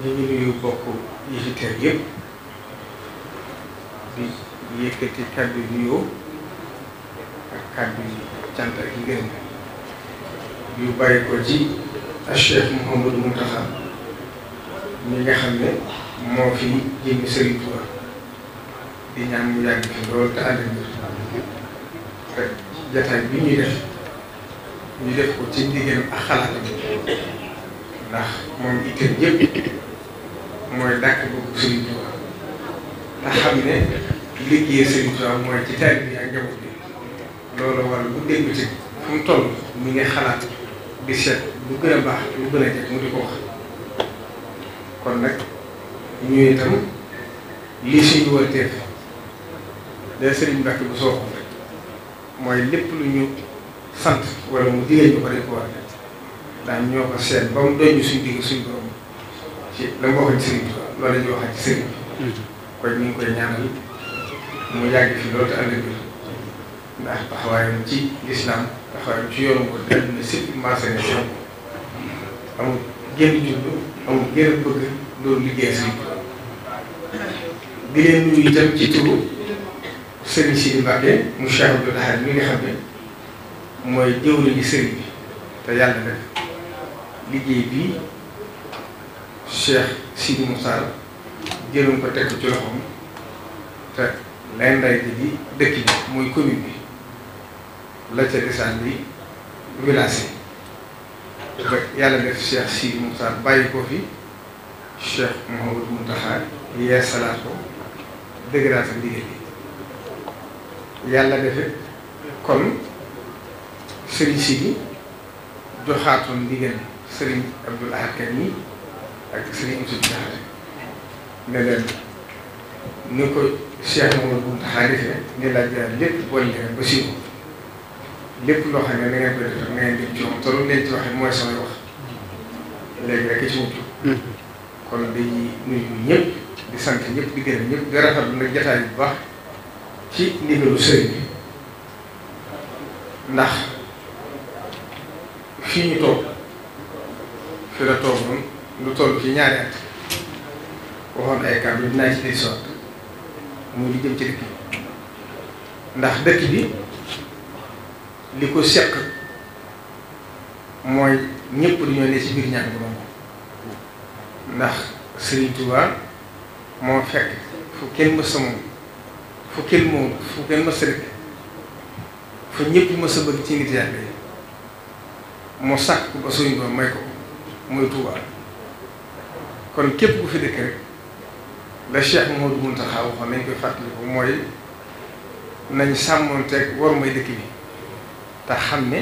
نجم يبقى يجتهد بيكتي كابي ليو كابي تانتا كيغن يبقى يكوجي الشيخ محمد المنتخب من يحمل ما في جيم سريطوره di ñaan mu yàgg fi loolu te ànd ak bi ñuy def ñu def ko ci ndigal ak xalaatam ndax moom itam yëpp mooy dàkk bëgg Sëriñ Tuubaa te xam ne liggéey Sëriñ Tuubaa mooy ci taal bi ak njaboot bi loolu war bu dégg ci mu toll mi ngi xalaat di seet lu gën a baax lu gën a jëkk mu di ko wax kon nag ñu itam lii suñu war teef day sëriñ Mbàkke bu soo waxoon rek mooy lépp lu ñu sant wala mu digal ñu ko ko war a def daan o ko seet ba mu doon ñu suñ digg suñ borom ci la nga waxee ci sëriñ bi loolu la ñuy waxee ci sëriñ bi kon ñu ngi koy ñaanal mu yàgg fi loolu te ànd ak ndax taxawaayam ci lislaam taxawaayam ci yoonu ko dem na sépp marché ne si amul génn judd amul gën a bëgg loolu liggéey sëriñ bi di leen nuyu itam ci turu Serigne Sidi Mbacke mu Cheikh Abdoul Ahad mi nga xam ne mooy jëwriñu Serigne bi te yàlla def liggéey bii Cheikh Sidi Moussa jëloon ko teg ci loxoom te lay nday ji di dëkk bi mooy commune bi la ca desaan bi village yi ba yàlla def Cheikh Sidi Moussa bàyyi ko fi Cheikh Mouhamadou Mountakha yeesalaat ko dëgg laa sa liggéey bi yàlla defee kon sëriñ si bi joxaatoon ndigal sëriñ Abdoul Ahad Kani ak sëriñ Amsa Diakhate ne leen ni ko Cheikh Mamadou Mountakha defee ni laaj daal lépp boole leen ba siiw lépp loo xam ne na ngeen koy def na ngeen di ci moom te loolu leen ci waxee mooy samay wax léegi rek ci wut. Mm-hmm. kon dañuy nuyu ñëpp di sant ñëpp di gërëm ñëpp di rafetlu nag jotaay bu baax. ci ndigalu sëriñ bi ndax fii ñu toog fi la toog lu toll ci ñaari at waxoon ay kàddu dinaa ci jëm ci dëkk bi ndax dëkk bi li ko seq mooy ñëpp dañoo ne ci biir ñàkk bu nangu ndax Sëriñ Tuubaa moo fekk fu kenn mës sa moom fu kenn moom fu kenn mës a dëkk fu ñëpp mës a bëgg ci nit yàlla yi moo sàkk ba suñu doom may ko muy Touba kon képp ku fi dëkk rek la Cheikh Mouhamadou Mountakha waxoon nañ koy fàttaliku mooy nañ sàmmoonteeg war may dëkk bi te xam ne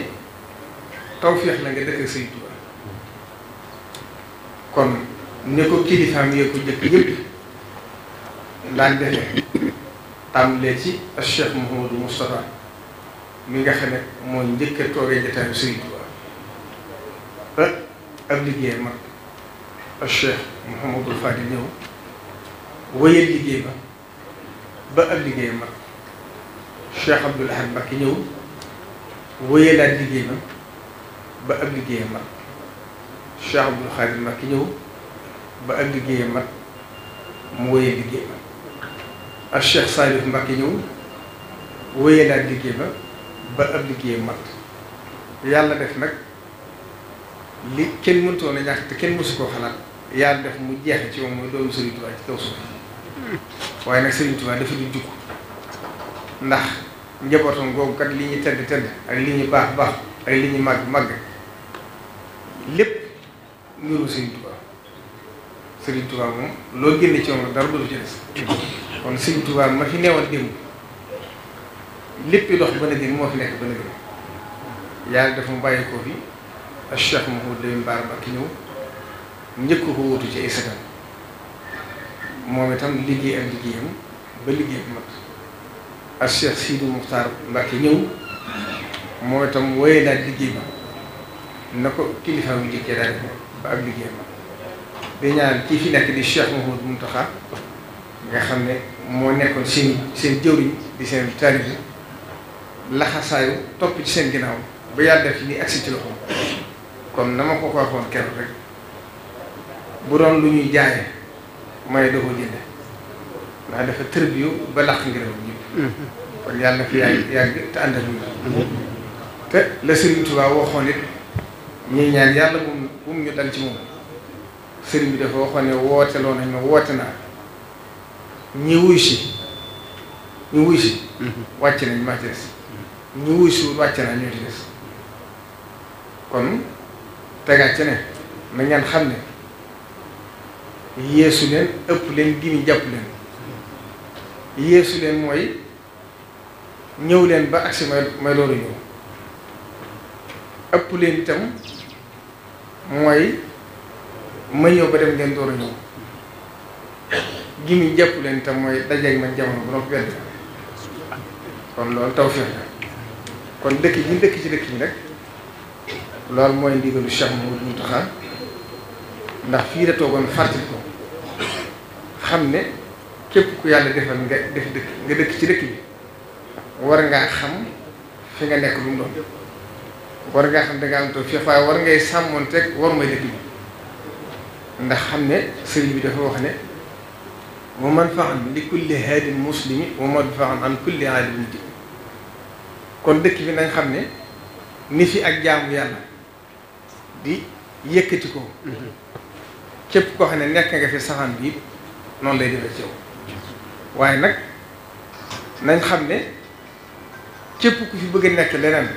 tawféex la nga dëkk ak Sëñ Touba kon ne ko kilifaam yee ko jëkk yëpp daan defee tàmbalee ci Cheikh Mouhamadou Moustapha mi nga xam ne mooy njëkk a toogee jataayu Sëriñ Tuubaa ak ab liggéey mag ak Cheikh Mouhamadou Fadil ñëw wëyal liggéey ba ba ab liggéey mag Cheikh Abdoul Ahad Mbacké ñëw wëyalaat liggéey ba ba ab liggéey mag Cheikh Abdoul Khadir Mbacké ñëw ba ab liggéey mag mu wëyal liggéey ba ak Cheikh Salif Mbacké ñëw wéyalaat liggéey ba ba ab liggéey mat yàlla def nag li kenn mënutoon a ñàkk te kenn mësu koo xalaat yàlla def mu jeex ci moom mooy doomu Serigne Touba ci kaw suuf waaye nag Serigne Touba dafa di jukk ndax njabootam googu kat li ñu tedd tedd ak li ñu baax baax ak li ñu màgg màgg lépp nuru Serigne Touba Serigne Touba moom loo génne ci moom dara du ci des kon sëñ Tuubaa ma fi newoon démb léppi dox ba nëgëni moo fi nekk ba nëgëni yàlla dafa mu bàyyi ko fi ak Cheikh Mouhamadou Lamine Bara Mbacké ñëw njëkk ko wutu ci ay sagam moom itam liggéey ak liggéeyam ba liggéey bu mat ak Cheikh Sidou Moukhtar Mbacké ñëw moom itam di ñaan kii fi nekk di nga xam ne moo nekkoon seen seen jëwriñ di seen taalibe laxasaayu topp ci seen ginnaaw ba yàlla def ni agsi ci loxoom kon na ma ko ko waxoon keroog rek bu doon lu ñuy jaaye may doo ko jënde ndax dafa tërbiyu ba laq ngërëm ñëpp kon yàlla fi yàgg yàgg te àndal ñu te la Sëriñ Tuubaa waxoon it yàlla bu mu ñu dal ci moom sëriñ bi dafa waxoon ne woote loo nañ ma woote naa ñi wuy si ñu wuy si mhm. wàcc nañ ma ci ñu wuy kon tegaat ci ne ngeen xam ne yéesu leen ëpp leen gimi jàpp leen yéesu leen mooy ñëw leen ba ak may may loolu ñëw ëpp leen itam mooy ma ñëw ba dem ngeen door a ñëw gi muy jàpp leen itam mooy dajeeg man jamono bu noppi benn kon taw tawfeex la kon dëkk yi dëkk ci dëkk yi nag loolu mooy ndigalu Cheikh Mouhamadou Mountakha ndax fii da toogoon fàttali ko xam ne képp ku yàlla defal nga def dëkk nga dëkk ci dëkk bi war ngaa xam fi nga nekk lu mu doon war ngaa xam da ngaa am tawfeex waaye war ngay sàmmoon teg war mooy dëkk bi ndax xam ne sëriñ bi dafa wax ne. ومنفعا لكل هاد المسلم ومدفعا عن كل عالم دين كون ديك فينا خامني ني في اك جام يالا دي ييكتي كو كيب كو خني نيك nga في سخان بي نون لاي ديفي سيو واي نك نان خامني كيب كو في بيغ نيك لنان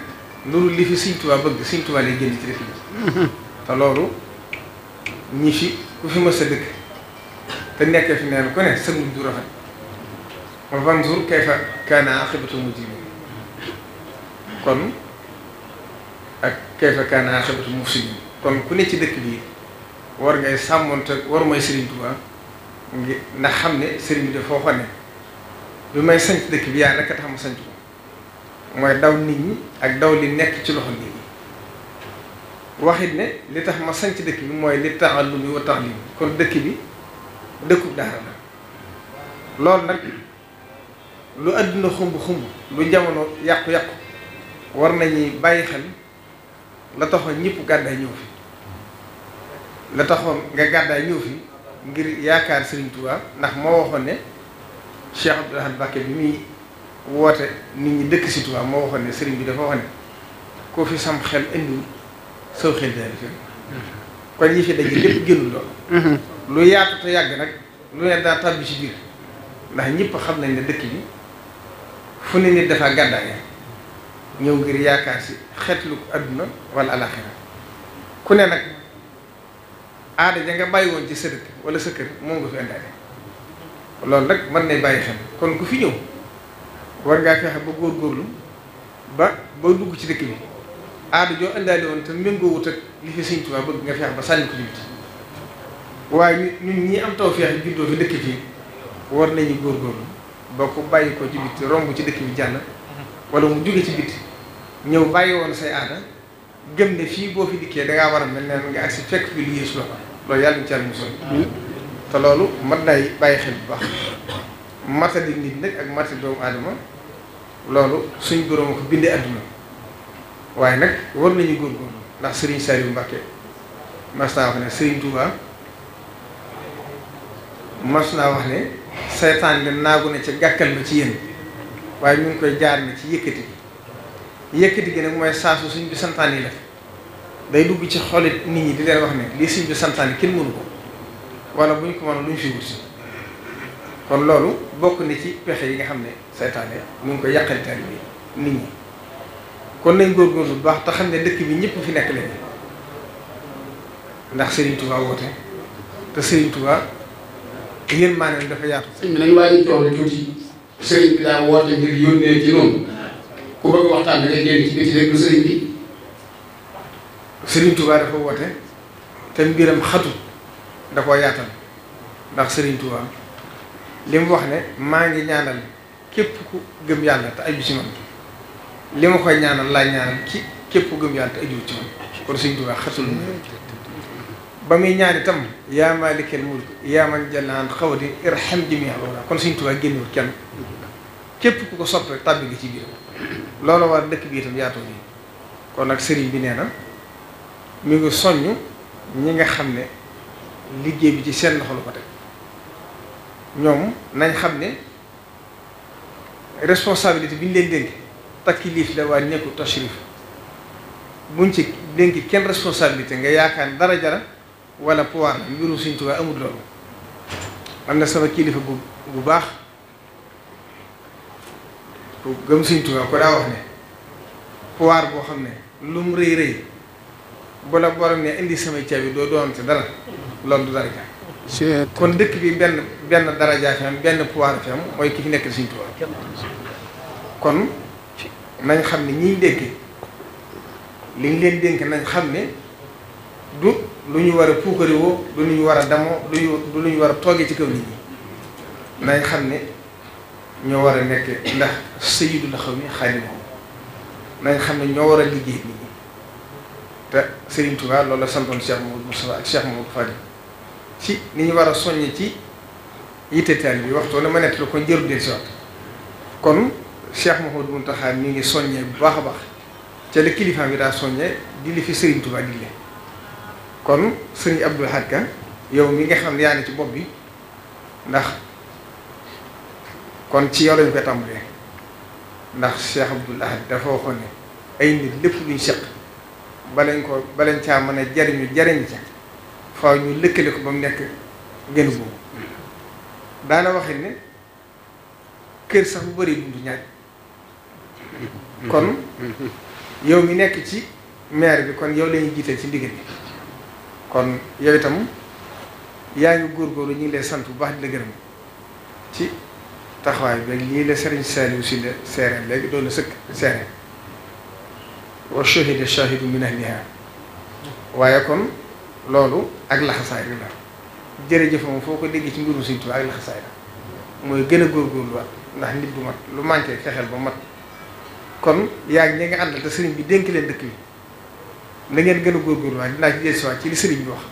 نورو لي في سين توبا بيغ سين توبا لي جيندي تريفي تا لورو ني في كو في مسا ديك te nekkee fi neen ku ne sëg du rafet wa fanzur kayfa kaana aqibatu mujrimin kon ak kayfa kaana aqibatu mufsidin kon ku ne ci dëkk bi war ngay sàmmonte war mooy Serigne Touba ngi ndax xam ne Serigne bi dafa waxoon ne bi may sanc dëkk bi yaa rekk a tax ma sanc ko mooy daw nit ñi ak daw li nekk ci loxo nit ñi waxit ne li tax ma sanc dëkk bi mooy li taxallumi wa taxlim kon dëkk bi dëkkub daara loolu nag lu àdduna xumb xumb lu jamono yàqu-yàqu war nañuy bàyyi xel la taxoon ñëpp gàddaay ñëw fi la taxoon nga gàddaay ñëw fi ngir yaakaar sëriñ Touba ndax moo waxoon ne Cheikh Abdoul Ahad bi muy woote nit ñi dëkk si Touba moo waxoon ne Serigne bi dafa wax ne koo fi sam xel indiwul soo xel daal mm-hmm. kon yi fi daje lépp génnul loolu mm-hmm. lu yaatu yàgg nag lu ne daa tàbbi ci biir ndax ñëpp xam nañ ne dëkk bi fu ne nit dafa gàddaane ñëw ngir yaakaar si xeetlu àdduna adduna wala alaxira ku ne nag aada ja nga bàyyi woon ci sa dëkk wala sa kër moom nga fi indaale loolu nag mën nay bàyyi xel kon ku fi ñëw war ngaa fexe ba góorgóorlu ba ba dugg ci dëkk bi aada joo indaale woon te méngoowut ak li fi Sëñ Tuubaa bëgg nga fexe ba sànni ko ci waaye ñun ñi am tawfeex juddoo fi dëkk fii war nañu góorlu ba ko bàyyi ko ci bitti romb ci dëkk bi jàll wala mu jóge ci bitti ñëw bàyyi woon say aada gëm ne fii boo fi dikkee dangaa war a mel ne nga agsi fekk fi lu loolu yàlla ñu ci mu sol loolu mat nay bàyyi xel bu baax matadi nit nag ak matadi doomu aadama loolu suñ borom ko bindee adduna waaye nag war nañu góorgóorlu ndax Serigne Saliou Mbacké mas naa wax ne Serigne Touba mas naa wax ne seytaan li naagu ne ci gàkkal ma ci yéen waaye ñu ngi koy jaar ne ci yëkkati gi yëkkati gi nag mooy saasu suñ bi santaan yi def day dugg ci xolit nit ñi di leen wax ne lii suñ bi santaan yi kenn mënu ko wala bu ñu ko mënoon lu ñu fi wut kon loolu bokk na ci pexe yi nga xam ne seytaane mu ngi ko yàqal bi nit ñi kon nañ góorgóorlu bu baax te xam ne dëkk bi ñëpp fi nekk leen ndax Serigne Touba woote te Serigne Touba. yërmaane dafa yaatu. nañ wàññi coow li tuuti sëriñ bi daa woote ngir yónnee ci noonu ku bëgg waxtaan da ngay génn ci biti rek lu sëriñ bi. dafa woote te mbiram xatul da yaatal ndax sëriñ Touba li mu wax ne maa ngi ñaanal képp ku gëm yàlla te aju ci man li ma koy ñaanal képp ku gëm yàlla te sëriñ Touba xatul ba muy ñaan itam yaa maalikal mulk yaa man jannaan xaw di irham jami'a wala kon Sëriñ Tuubaa génnewul kenn képp ku ko soppe tàbbi gi ci biir loolu war dëkk bi itam yaatoo nii kon nag sëriñ bi nee na mi ngi soññ ñi nga xam ne liggéey bi ci seen loxo la ko teg ñoom nañ xam ne responsabilité bi ñu leen dénk takkiliif la waa nekku tashrif buñ ci dénk kenn responsabilité nga yaakaar dara jara wala pouvoir mbirum Sëñ Tuubaa amul loolu am na sama kilifa gu bu baax ku gëm Sëñ Tuubaa ko daa wax ne pouvoir boo xam ne lum rëy rëy bu la borom ne indi samay yi doo doonte dara loolu du daraja kon dëkk bi benn benn daraja fi am benn pouvoir fi am mooy kii fi nekk Sëñ Tuubaa kon nañ xam ne ñiy dénk liñ leen dénk nañ xam ne du lu ñu war a puukarewoo du lu ñu war a damoo du du lu ñu war a toogee ci kaw nit ñi nañ xam ne ñoo war a nekk ndax sayyidul xawmi xaadimuhum nañ xam ne ñoo war a liggéey nit ñi te Serigne Touba loolu la santoon Cheikh Mamadou Moustapha ak Cheikh Mamadou Fadil ci ñu war a soññ ci yitte taal bi waxtu wala ma nekk lu ko njëriñ del si kon Cheikh Mamadou Mountakha mi ngi soññee bu baax a baax ca la kilifaam bi daa soññee di li fi Serigne Touba digle kon sëriñ Abdou Lahad Ka yow mi nga xam ne yaa ngi ci bopp bi ndax kon ci yow lañu koy tàmbalee ndax Cheikh Abdou Lahad dafa waxoon ne ay nit lépp luñ seq balañ ko balañ caa mën a jariñu jariñ ca faaw ñu lëkkale ko ba mu nekk gën boobu daana waxee ne kër sax bu bari dundu ñaaj kon yow mi nekk ci maire bi kon yow lañuy jiital ci ndigal bi kon yow itam yaa ngi góorgóorlu ñu ngi lay sant bu baax di la gërëm ci taxawaay bi lii la Serigne Saliou si la seere léegi doon la sëkk seere wa shahida shahidu min ahliha waaye kon loolu ak laxasaay rek la jërëjëf moom foo ko déggee ci mbirum Serigne Touba ak laxasaay la mooy gën a góorgóorlu waat ndax nit bu mat lu manqué fexeel ba mat kon yaa ngi ñi nga àndal te sëriñ bi dénk leen dëkk bi na ngeen gën a góorgóorluwaat dinaa ci jëlsiwaat ci li sëriñ bi wax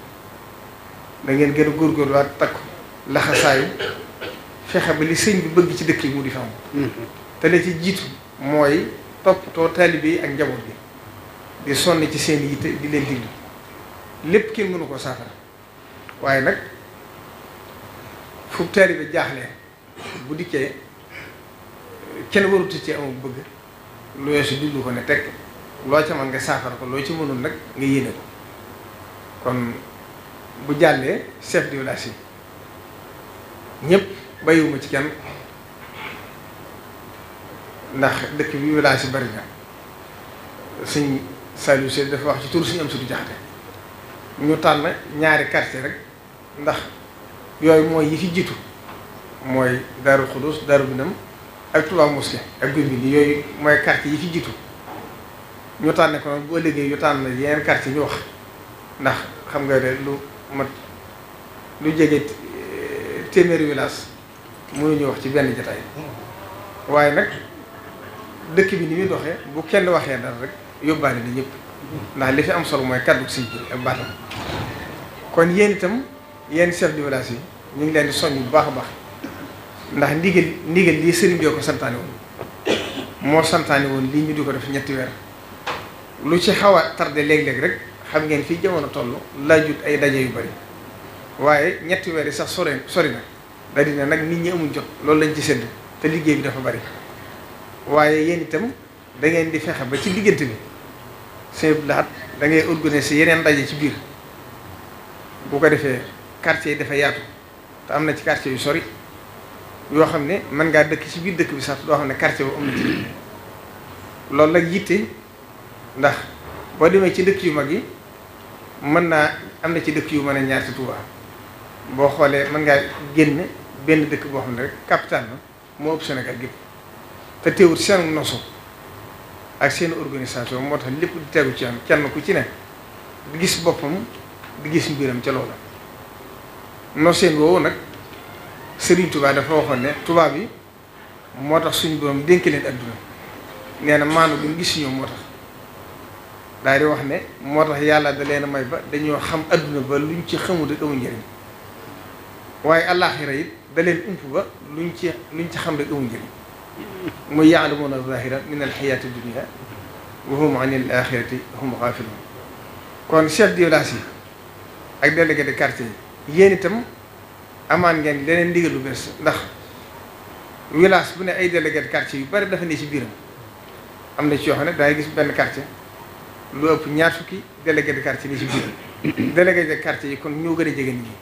na ngeen gën a góorgóorluwaat takku laxasaayu fexe ba li sëriñ bi bëgg ci dëkk yi mu di fa mm-hmm. te la ci jiitu mooy toppatoo taalibe yi ak njaboot bi di sonn ci seen yitte di leen diglu lépp kenn mënu ko saafara waaye nag fu taalibe jaaxle bu dikkee kenn warutu ci amul bëgg lu weesu diglu ko ne teg loo ca mën nga saafara ko loo ci mënul nag nga yéene ko kon bu jàllee chef de village yi ñëpp bàyyiwuma ci kenn ndax dëkk bi village yi bari na sëñ Saliou Sèye dafa wax ci tur suñu am suñu jaxate ñu tànn ñaari quartier rek ndax yooyu mooy yi fi jiitu mooy Darou Khoudoss Darou Minam ak Touba Mosquée ak Gouye Gui yooyu mooy quartier yi fi jiitu ñu tànn ko nag bu ëllëgee ñu tànn yeneen quartier ñu wax ndax xam nga ne lu mat lu jege eh, téeméeri village mënuñu wax ci benn jotaay waaye nag dëkk bi ni muy doxee bu kenn waxee dara rek yóbbaale ni ñëpp ndax li fi am solo mooy kaddu si bi ak baatam kon yéen itam yéen chef de yi ñu ngi leen di soññ bu baax a baax ndax ndigal ndigal lii sëriñ bi ko santaane woon moo santaane woon lii ñu di ko def ñetti weer. lu ci xaw a tardé léeg-léeg rek xam ngeen fii jamono toll laajut ay daje yu bari waaye ñetti weer yi sax sori sori na da dina nag nit ñi amul jot loolu lañ ci sédd te liggéey bi dafa bari waaye yéen itam dangeen di fexe ba ci diggante bi sëñ laat da ngay yeneen daje ci biir bu ko defee quartier yi dafa yaatu te am na ci quartier yu sori yoo xam ne mën ngaa dëkk ci biir dëkk bi sax doo xam ne quartier bu am na ci loolu nag yitte ndax boo demee ci dëkk yu mag yi mën naa am na ci dëkk yu mën a ñaar ci Touba boo xoolee mën ngaa génn benn dëkk boo xam ne rek capital na moo ëpp Sénégal gépp te teewul seen nosu ak seen organisation moo tax lépp di tegu ci am kenn ku ci ne di gis boppam di gis mbiram ca loola noseen woowu nag Serigne Touba dafa waxoon ne tubaab yi moo tax suñu borom dénk leen adduna nee na maanu bu gis ñoom moo tax daal di wax ne moo tax yàlla da leen may ba dañoo xam adduna ba luñ ci xamu de amul njëriñ waaye àllaaxira it da leen ump ba luñ ci luñ ci xam de amul njëriñ muy yaalamuuna zahiran min alxayaati dunia wa hum an il axirati hum xaafiluun kon chef de village yi ak délégué de quartier yi yéen itam amaan ngeen leneen ndigal lu bees ndax village bu ne ay délégué de quartier yu bari dafa ne ci biiram am na ci yoo xam ne daay gis benn quartier lu ëpp ñaar fukki délégué de quartier ni ci biir délégué de quartier yi kon ñoo gën a jege nit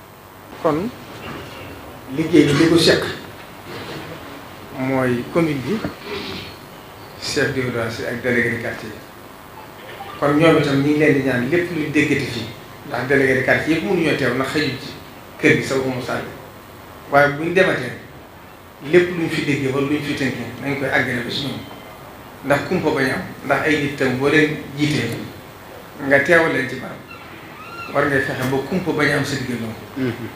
kon liggéey bi li seq mooy commune bi chef de village ak délégué de quartier yi kon ñoom itam ñu ngi leen di ñaan lépp luy déggati fii ndax délégué de quartier yëpp mënuñoo teew ndax xëyul ci kër gi sa umu sàll waaye bu ñu dematee lépp lu ñu fi déggee wala lu ñu fi tënkee nañ koy àggale ba si ñoom ndax kumpa bañ ndax ay nit tam boo leen jiitee nga teewal leen ci barab war ngay fexe ba kumpa bañ am sa diggante mm-hmm.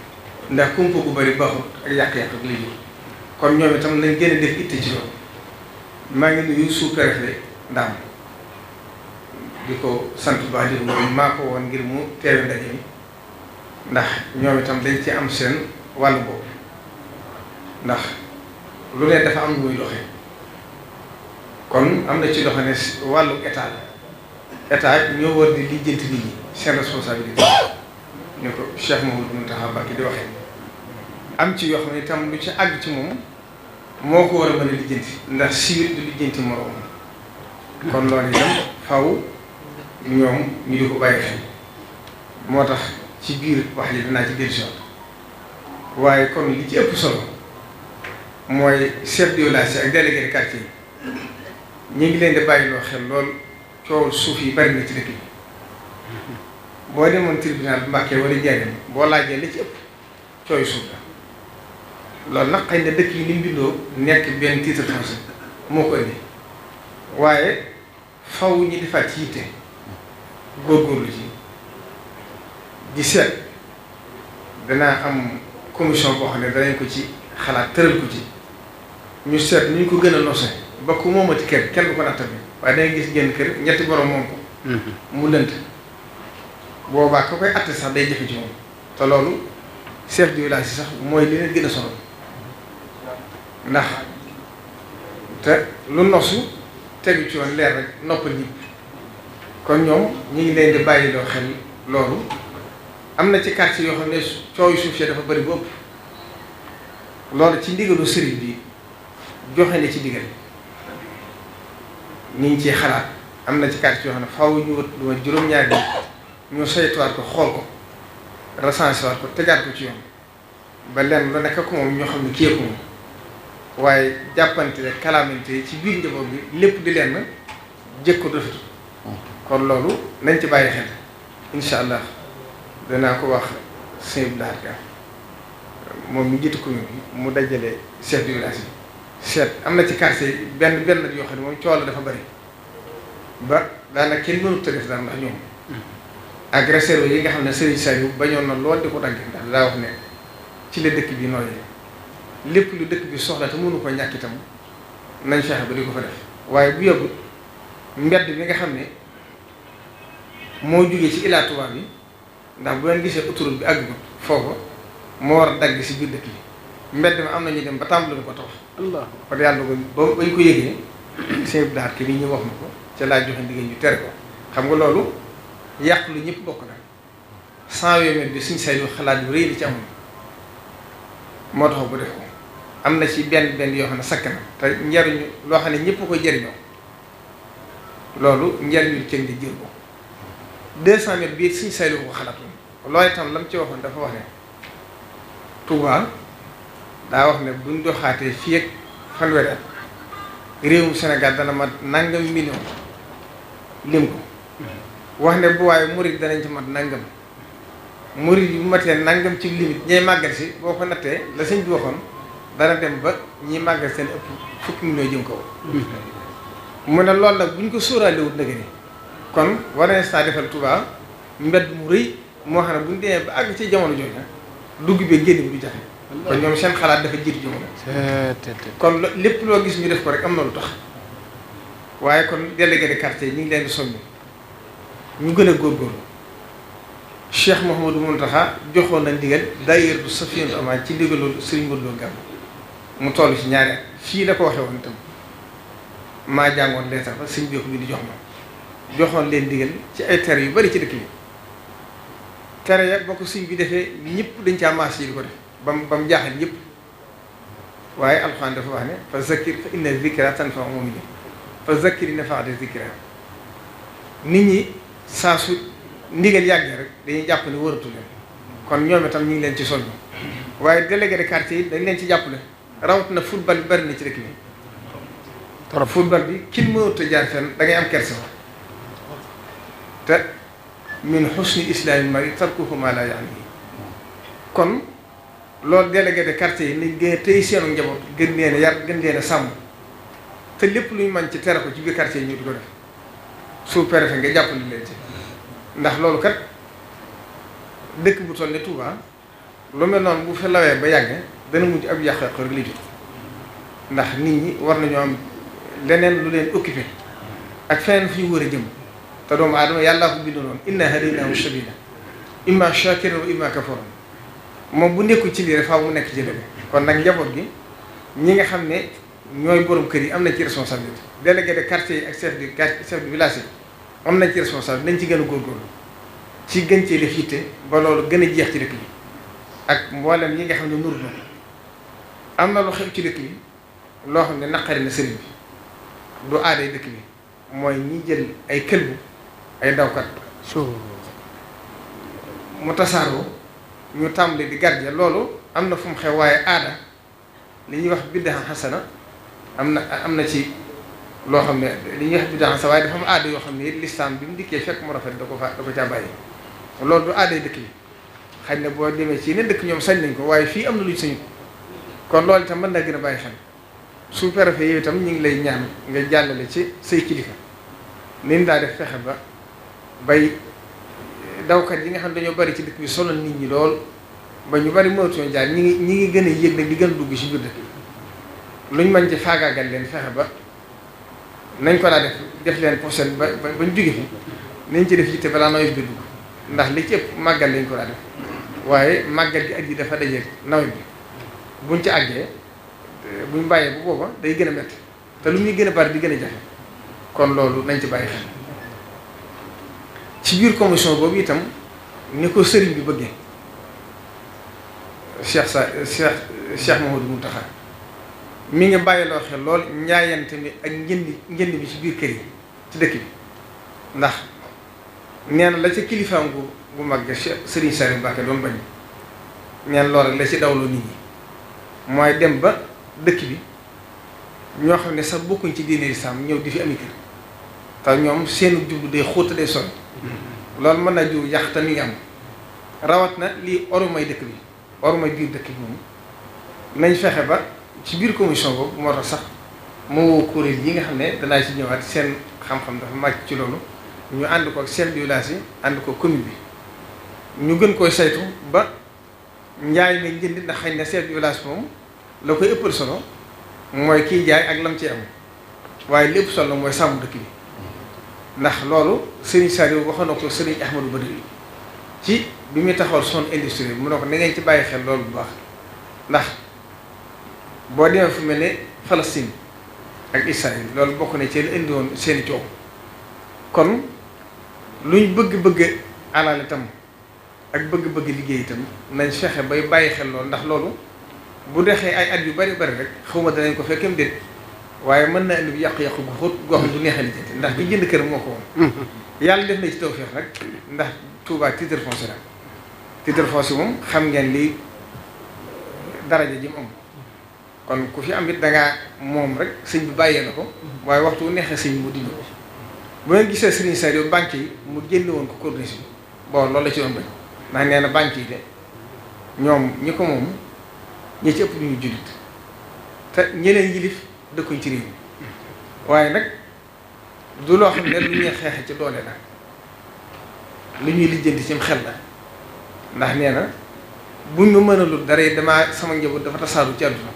ndax kumpa bu bari baaxut ak yàq-yàq ak liggéey kon ñoom itam nañ gën def itte ci loolu maa ngi nuyu sous-préfet di ko sant bu baax di maa woon ngir mu teewe ndax ñoom itam dañ ci am seen wàll boobu ndax lu ne dafa am lu muy doxee. kon am na ci loo xam ne wàllu état la état ñoo war di lijjanti nit ñi seen responsabilité ñu ko Cheikh Mouhamadou Mountakha Mbacké di waxee am ci yoo xam ne itam lu ci àgg ci moom moo ko war a mën a lijjanti ndax civil du lijjanti moroom kon loolu itam faw ñoom ñu di ko bàyyi xel moo tax ci biir wax li danaa ci dellusi waaye kon li ci ëpp solo mooy chef de village ak délégué quartier ñu ngi leen di bàyyi loo xel lool coowul suuf yi bari na ci dëkk bi boo demoon tribunal Mbàkke wala boo laajee li ci ëpp cooy suuf la loolu nag xëy na dëkk yi ni mu nekk benn titre foncier moo ko indi waaye faw ñi defaat ci yitte góorgóorlu ci di seet danaa am commission boo xam ne danañ ko ci xalaat tëral ko ci ñu seet ni ñu ko gën a nose ba ku moomati kër kenn du ko nattale waaye dangay gis génn kër ñetti borom moom ko mhm. mu lënt boobaa ko koy atte sax day jafe ci moom te loolu chef du village yi sax mooy li leen gën a sonal ndax te lu nosu tegu ci woon leer rek noppal ñi kon ñoom ñu ngi leen di bàyyi loo xel loolu am na ci quartier yoo xam ne coow suuf si dafa bëri bu ëpp loolu ci ndigalu sëriñ bi joxe na ci ndigal ñu ngi ciy xalaat am na ci quartier yoo xam ne faaw ñu wut lu ma juróom-ñaar yi ñu saytuwaat ko xool ko recensé waat ko ko ci yoon ba lenn lu nekk ko moom ñoo xam ne kii waaye jàppante rek kalaamante yi ci biir njaboot bi lépp di lenn jëkk ko dofit kon loolu nañ ci bàyyi xel incha allah danaa ko wax sëñ Abdou Lahad Ka moom mi jiitu commune mu dajale chef de yi seet am na ci quartier benn benn yoo xam ne moom coow la dafa bari ba daanaka kenn mënut a def dara ndax ñoom mm-hmm. agressé yi nga xam ne Serigne Saliou bañoon na lool di ko dagg ndax daa wax ne ci la dëkk bi nooyee lépp lu dëkk bi soxla te mënu ko ñàkk itam nañ fexe ba di ko fa def waaye bu yàggut mbedd bi nga xam ne moo jógee ci Ila Touba bi ndax bu leen gisee autoroute bi àggut foofu moo war a dagg si biir dëkk yi mbedd mi am na ñu dem ba tàmbali ko tax. kon yàlla ko ba bañ ko yëgee sëñ Abdou Lahad ki ni ñu wax ma ko ca laa joxe ndigal ñu tere ko xam nga loolu yàq lu ñëpp bokk na cent yooyu bi suñ say xalaat bu rëy moo tax bu def ko am na ci benn benn yoo xam ne te njariñu loo xam ne ñëpp koy jëriñoo loolu njariñu cëng di jël ko suñ saylu ko xalaatoon looy tam lam ci waxoon dafa wax ne Touba daa wax ne buñ doxaatee fii ak fanweeri at réewum Sénégal dana mat nangam million lim ko wax ne bu waaye murit danañ ci mat nangam murit yu matee nangam ci limite ñay màggal si boo ko nattee la sëñ bi waxoon dana dem ba ñiy màggat seen ëpp fukki million jëm kaw mu ne loolu nag buñ ko sóoraale wut nag ni kon war nañ saa defal Touba mbedd mu rëy moo xam ne buñ demee ba àgg ci jamono jooju dugg bi génn bi du jafe kon ñoom seen xalaat dafa jiit ji moom kon lépp loo gis ñu def ko rek am na lu tax waaye kon délégué de quartier yi ñu ngi leen di soññ ñu gën a góor góorgóorlu Cheikh Mouhamadou Mountakha joxoon na ndigal d'ailleurs du Safinou Amane ci ndigalu Serigne Modou Gam mu toll ci ñaari fii la ko waxee woon itam maa jàngoon leetar ba sëñ bi di jox ma joxoon leen ndigal ci ay tere yu bari ci dëkk bi tere ya boo ko sëñ bi defee ñëpp dañ caa maas yi di ko def ba mu ba mu jaaxal ñëpp waaye alxuraan dafa wax ne fa zakkir fa inna zikra tanfa'u mu'minin fa zakkir nafa'ati zikra nit ñi saa su ndigal yàgg rek dañuy jàpp ne wëratu leen kon ñoom itam ñu ngi leen ci soññ waaye délégué de quartier yi dañ leen ci jàppale rawatina football bi bari na ci dëkk bi trop football bi kin mënut a jaar fenn da ngay am kersa te min xusni islaami mari tarkuhu ma la yaani kon loolu délégué de quartier yi nañ gën tey seenu njaboot gën leen a yar gën leen a sàmm te lépp luñ mën ci tere ko ci biir quartier yi ñu di ko def sous-préfet nga jàppale leen ci ndax loolu kat dëkk bu toll ne Touba lu mel noonu bu fa lawee ba yàgg dana mujj ab yàq-yàq rek li ndax nit ñi war nañoo am leneen lu leen occupé ak feneen fu ñu war a jëm te doomu aadama yàllaa ko bindoon inna hadaynahu sabila imma shakiran wa imma kafura moom bu nekkul ci lii rek faaw mu nekk ci lépp kon nag njaboot gi ñi nga xam ne ñooy boroom kër yi am nañ ci responsabilité délégué de quartier yi ak chef de quartier chef de village am nañ ci responsabilité nañ ci gën a góorgóorlu ci gën ci def fiite ba loolu gën a jeex ci dëkk bi ak mboolem yi nga xam ne nur na am na lu xew ci dëkk bi loo xam ne naqari na sëriñ bi du aaday dëkk bi mooy ñi jël ay këlbu ay dawkat. mu tasaaroo. ñu tàmbali di garje loolu am na fu mu xew waaye aada li ñuy wax biddaa xasana am na am na ci loo xam ne li ñu wax biddaa xasana waaye dafa am aada yoo xam ne it lislaam bi mu dikkee fekk mu rafet da ko fa da ko caa bàyyi loolu du aaday dëkk bi xañ na boo demee ci yeneen dëkk ñoom sañ nañ ko waaye fii am na luñ sañu kon loolu itam mën naa gën a bàyyi xel su préfet yooyu itam ñu ngi lay ñaan nga jàllale ci say kilifa ni ñu daa def fexe ba bay dawkat yi nga xam dañoo bari ci dëkk bi sonal nit ñi lool ba ñu bari moytuwoon jaar ñi ngi ñi ngi gën a yëg nag di gën a dugg ci biir dëkk bi luñ mën ci faagaagal leen fexe ba nañ ko daa def def leen prochaine ba ba bañ jóge fi nañ ci def yitte balaa nawet bi dugg ndax li ci ëpp màggal lañ ko daa def waaye màggal gi ak yi dafa dajeeg nawet bi buñ ci àggee buñ bàyyee bu booba day gën a métti te lu ñuy gën a bari di gën a jafe kon loolu nañ ci bàyyi xel ci biir commission boobu itam ni ko sëriñ bi bëggee Cheikh sa Cheikh Cheikh Mamadou Mountakha mi ngi bàyyiloo xel lool njaayante tamit ak njënd njënd bi ci biir kër yi ci dëkk bi ndax nee la ci kilifaam gu bu mag Cheikh Serigne Saliou Mbacké doon bañ nee lool loolu la ci dawloo nit ñi mooy dem ba dëkk bi ñoo xam ne sax bokkuñ ci diine lislaam ñëw di fi ami kër te ñoom seen jublu de xóota day sori loolu mën na jiw yàq te mi ngi am rawat na lii orumay dëkk bi orumay biir dëkk bi moom nañ fexe ba ci biir commission boobu moo tax sax moo woo kuréel yi nga xam ne danaa ci ñëwaat seen xam-xam dafa màcc ci loolu ñu ànd ko ak chef de yi ànd ko commune bi ñu gën koy saytu ba njaay mi jënd ndax xëy na chef de moom la koy ëppal solo mooy kii jaay ak lam ci am waaye lépp solo mooy sàmm dëkk bi ndax loolu Serigne Saliou waxoon na ko Serigne Ahmadou Badri ci bi muy taxawal son industrie mu ne ko na ngeen ci bàyyi xel loolu bu baax ndax boo demee fu mel ne Palestine ak Israël loolu bokk na ci la indi woon seeni coow kon luñ bëgg-bëgg alal itam ak bëgg-bëgg liggéey itam nañ fexe bay bàyyi xel loolu ndax loolu bu dexee ay at yu bari bari rek xawma danañ ko fekkem déet waaye mën na indi yàqu-yàqu bu xóot goo xam du neex a lijjanti ndax ki jënd kër moo ko woon mm-hmm. yàlla def na ci tawfeex nag ndax Touba titre foncier la titre foncier moom xam ngeen lii daraja ji mu am kon ku fi am it dangaa moom rek sëñ bi bàyyee na ko waaye waxtu wu neexee sëñ bi mu dindi ko bu ngeen gisee sëriñ sa yo banque yi mu génne woon ko corniche bi loolu la ci doon bañ ndax nee na banque yi de ñoom ñi ko moom ñi ci ëpp ñu jullit te ñeneen yilif dëkkuñ ci réew waye nak du lo xamné lu ñuy xex ci doole la lu ñuy lijeenti ci xel la ndax neena na buñ ma mënalul dara it damaa sama njaboot dafa tassaru ci àdduna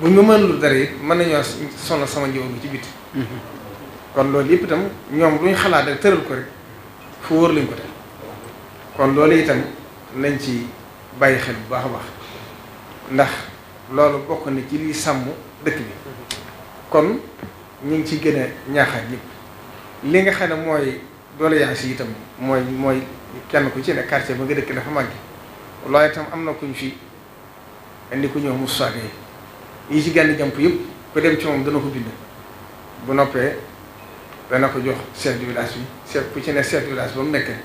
buñ ma mënalul dara it mën nañoo sonna sama njaboot ci biti kon loolu yëpp itam ñoom lu xalaat rek tëral ko rek fu wóor lañ ko teg kon loolu itam nañ ci bàyyi xel bu baax a baax ndax loolu bokk na ci liy sàmm dëkk bi kon ñu ngi ciy gën a ñaaxaat ñëpp li nga xam ne mooy doole si itam mooy mooy kenn ku ci ne quartier ba nga dëkk dafa manqué loolu itam am na kuñ fi indi ku ñëw Moussa Gueye yi ci gànn jàmp yëpp ku dem ci moom dana ko bind bu noppee dana ko jox chef du village bi chef ku ci ne chef du village ba mu nekkee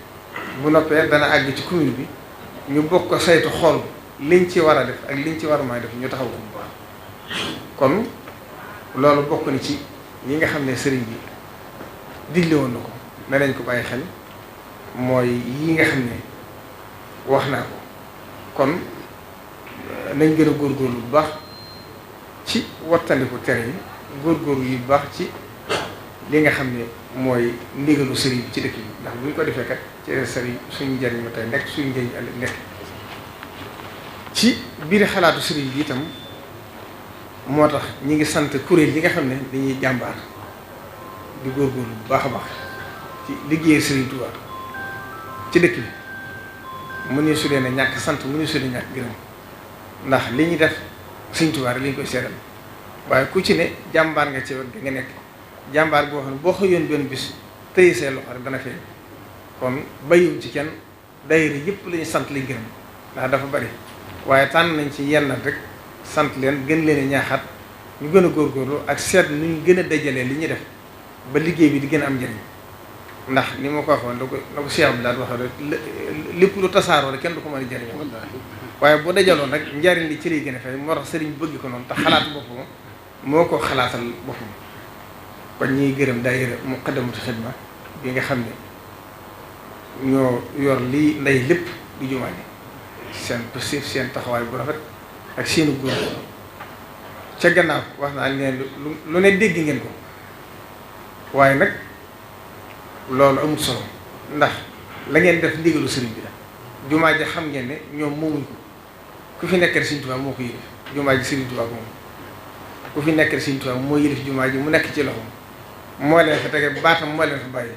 bu noppee dana àgg ci commune bi ñu bokk ko saytu xool liñ ci war a def ak liñ ci war a may def ñu taxaw ko kon loolu bokk na ci yi nga xam ne sëriñ bi digle na ko ne nañ ko bàyyi xel mooy yi nga xam ne wax naa ko kon euh, nañ gën a góorgóorlu bu baax ci wattandiku tere yi góor góorgóorlu yu baax ci li nga xam ne mooy ndigalu sëriñ bi ci dëkk bi ndax bu ñu ko defee kat ci sëriñ suñu njëriñ ma tey nekk suñu njëriñ ëllëg nekk ci biir xalaatu sëriñ bi itam moo tax ñi ngi sant kuréel yi nga xam ne dañuy jàmbaar di góor bu baax a baax ci liggéey Serigne Touba ci dëkk bi mu ñu su leen ñàkk sant mu ñu su leen ñàkk gërëm ndax li ñuy def Serigne Touba rek li ñu koy seeral waaye ku ci ne jàmbaar nga ci gi nga nekk jàmbaar boo xam ne boo xëyoon benn bis tëye see loxo rek dana feeñ kon bayum ci kenn daayira yëpp la ñu sant li gërëm ndax dafa bari waaye tànn nañ ci yenn rek. sant leen gën leen a ñaaxaat ñu gën a góor góorgóorlu ak seet nu ñu gën a dajalee li ñuy def ba liggéey bi di gën a am njëriñ ndax ni ma ko waxoon da ko da ko Cheikh Abdoulaye waxee rek lépp lu tasaaroo rek kenn du ko mën a jëriñoo waaye bu dajaloon rek njariñ li ci lay gën a fay moo tax sëriñ bëgg ko noonu te xalaat boppam moo ko xalaatal boppam kon ñuy gërëm daayira Muqaddamatul Xidma bi nga xam ne ñoo yor lii nday lépp di jumaa ji seen passif seen taxawaay bu rafet ak seenu góor ca gannaaw wax naa leen lu lu ne dégg ngeen ko waaye nag loolu amut solo ndax la ngeen def ndigalu sëriñ bi la jumaa ji xam ngeen ne ñoom moomuñ ko ku fi nekkal sëriñ Tuubaa moo ko yëlif jumaa ji sëriñ fi nekkal sëriñ moo yëlif jumaa ji mu nekk ci loxo moo leen fa tege baatam moo leen fa bàyyi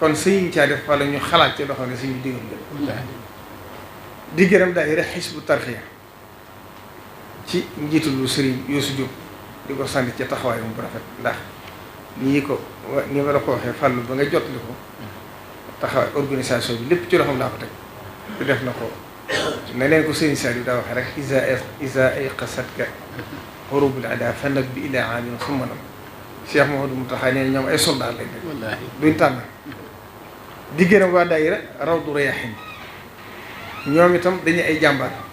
kon sëriñ caa def wala ñu xalaat ci loxo ne suñu digal la di gërëm daayira Hizbut Tarqiyyah ci njiitalu Serigne Youssou Diop di ko sant ci taxawaay bu rafet ndax nii ko ni ma la ko waxee fàllu ba nga jotli ko taxawaay organisation bi lépp ci loxoom laa ko teg du def na ko ne leen ko Serigne Saliou daa waxee rek is isa ay qasatka xorubul daa fa nag bi ila amin summa nam Cheikh Mouhamadou Mountakha nee ñoom ay soldat lañ def duñ tànn diggéenam waa daayira raw du rayaxin ñoom itam dañu ay jàmbar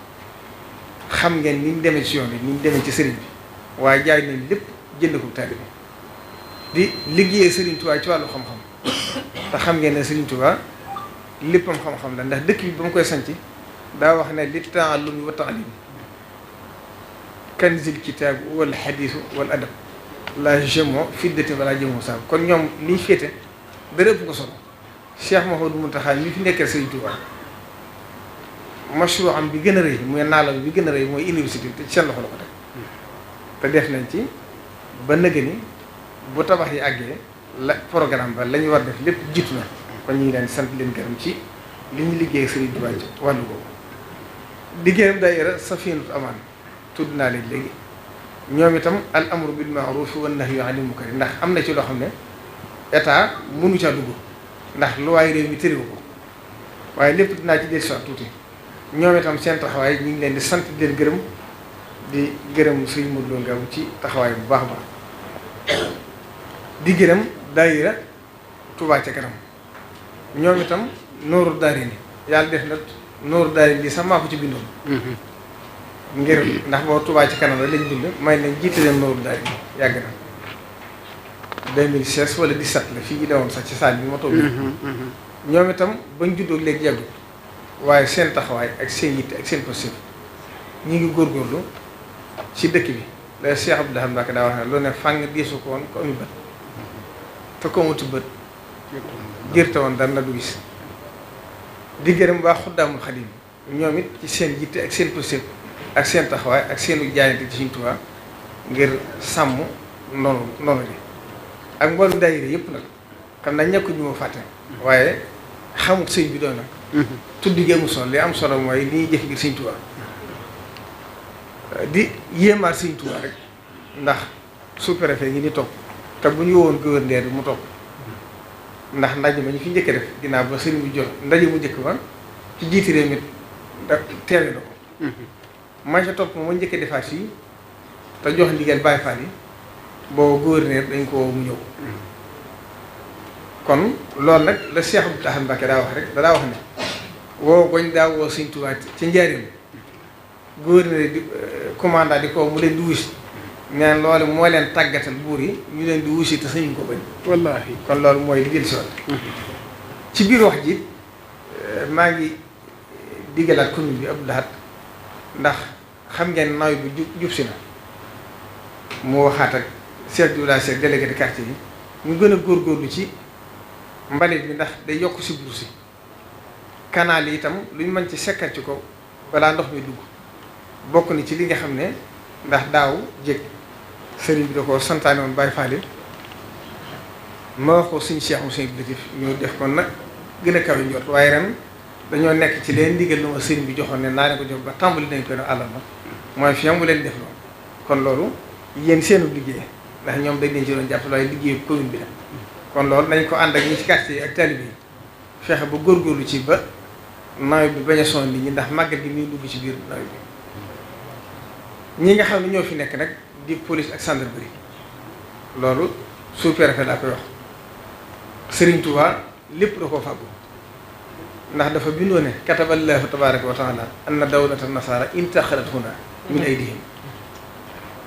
xam ngeen ni mu demee ci yoon bi ni mu demee ci sëriñ bi waaye jaay nañ lépp jënd ko taalibe di liggéeyee sëriñ Tuubaa ci wàllu xam-xam te xam ngeen ne sëriñ Tuubaa léppam xam-xam la ndax dëkk bi ba mu koy sanc daa wax ne li taallum wa taalim kanzil kitaab wal xadiisu wal adab la jëmoo fiddati wala jëmoo saabu kon ñoom liñ féete dara ëpp ko solo Cheikh Mouhamadou Mountakha ñi fi nekkal sëriñ Tuubaa mashruucam bi gën a rëy muy naalam bi gën a rëy mooy université bi te seen loxo la ko teg te def nañ ci ba nëgë ni bu tabax yi àggee la programme ba la ñu war def lépp jiitu na kon ñu ngi leen sant leen gërëm ci li ñu liggéey Serigne Touba ci wàllu boobu liggéeyam daayira Safinatu Amaan tudd naa leen léegi ñoom itam al amru bil ma'ruf wan nahyu anil munkar ndax am na ci loo xam ne état mënu caa dugg ndax lu waaye réew mi tëriwu ko waaye lépp dinaa ci dellusiwaat tuuti ñoom itam seen taxawaay ñu ngi leen di sant di leen gërëm di gërëm Serigne Modou Lo Ngabou ci taxawaay bu baax ba di gërëm daayira Touba ca kanam ñoom itam nooru daari ni yàlla def na nooru daari ni sax maa ko ci bindoon mm-hmm. ngir ndax boo Touba ci kanam la lañ bind may nañ jiite leen nooru daari ni yàgg na 2016 wala 17 la fii ñu demoon sax ci saal bi ma toog mm-hmm, mm-hmm. ñoom itam bañ juddoo léegi yàggul waaye seen taxawaay ak seen yitte ak seen positif ñi ngi góorgóorlu ci dëkk bi la Cheikh Abdou Lahad Mbacké daa wax ne lu ne fàng diisu ko woon ko amu bët te ko amuti bët gerte woon dara la du gis di gërëm waa Xuddaamul Xadim ñoom it ci seen yitte ak seen positif ak seen taxawaay ak seenu jaayante ci Sëriñ Tuubaa ngir sàmm noonu noonu li ak mboolu daayira yëpp nag xam naa ñàkk ñu ma fàtte waaye xamul sëñ bi doon nag tudd géemu sol li am solo moy ni jeuf jëf ngir Sëriñ Tuubaa di yema seigne touba rek ndax sous-préfet ngi ni top ta buñu won wowoon gouverneur mu top ndax ndaj ma ñu fi njëkk def dina ba seigne bi jox ndaj mu njëkk ba ci jiti rew mi da teewe na ma ca top mo njëkk defaat ci ta jox ndigal Baay fali bo gouverneur dañ ko mu ñew kon loolu nag la Cheikh Abdou Lahad Mbacké daa wax rek da daa wax ne woo bañ daa woo Sëñ Tuubaa ci njaarim gouverneur di euh, commandant di ko mu leen di wusi neen leen tàggatal buur yi ñu leen di wusi te sañu ko bañ wallaahi kon loolu mooy li jël mm-hmm. ci biir wax ji euh, maa ngi diggalaat commune bi Abdou Lahad ndax xam ngeen nawet bi jub jub si na mu waxaat ak chef du village délégué quartier yi ñu gën a góorgóorlu ci mbalit bi ndax day yokk si buur si kanaal yi itam lu ñu mën ci sekkal ci ko balaa ndox mi dugg bokk na ci li nga xam ne ndax daaw jég sëriñ bi da ko santaane woon Baye Fall ma wax ko suñu Cheikh ñoo def kon nag gën a kaw yi waaye ren dañoo nekk ci leen ndigal lu ma sëriñ bi joxoon ne naa ko ba tàmbali nañ ko ne àll ba mooy fi mu def loolu kon loolu yéen seenu liggéey ndax ñoom dañ leen ci doon jàppale waaye liggéeyu commune bi la. kon loolu nañ ko ànd ak ñi ci quartier yi ak talib yi fexe ba góor góorgóorlu ci ba nawet bi bañ a sonn nit ñi ndax màggat bi muy dugg ci biir ñi nga xam ne ñoo fi nekk nag di police ak gendarmerie loolu sous-préfet laa koy wax Serigne Touba lépp da koo fàggu ndax dafa bindoo ne kataballaahu tabaaraka wa taala anna dawlata nasaara intaxalat huna min aydihim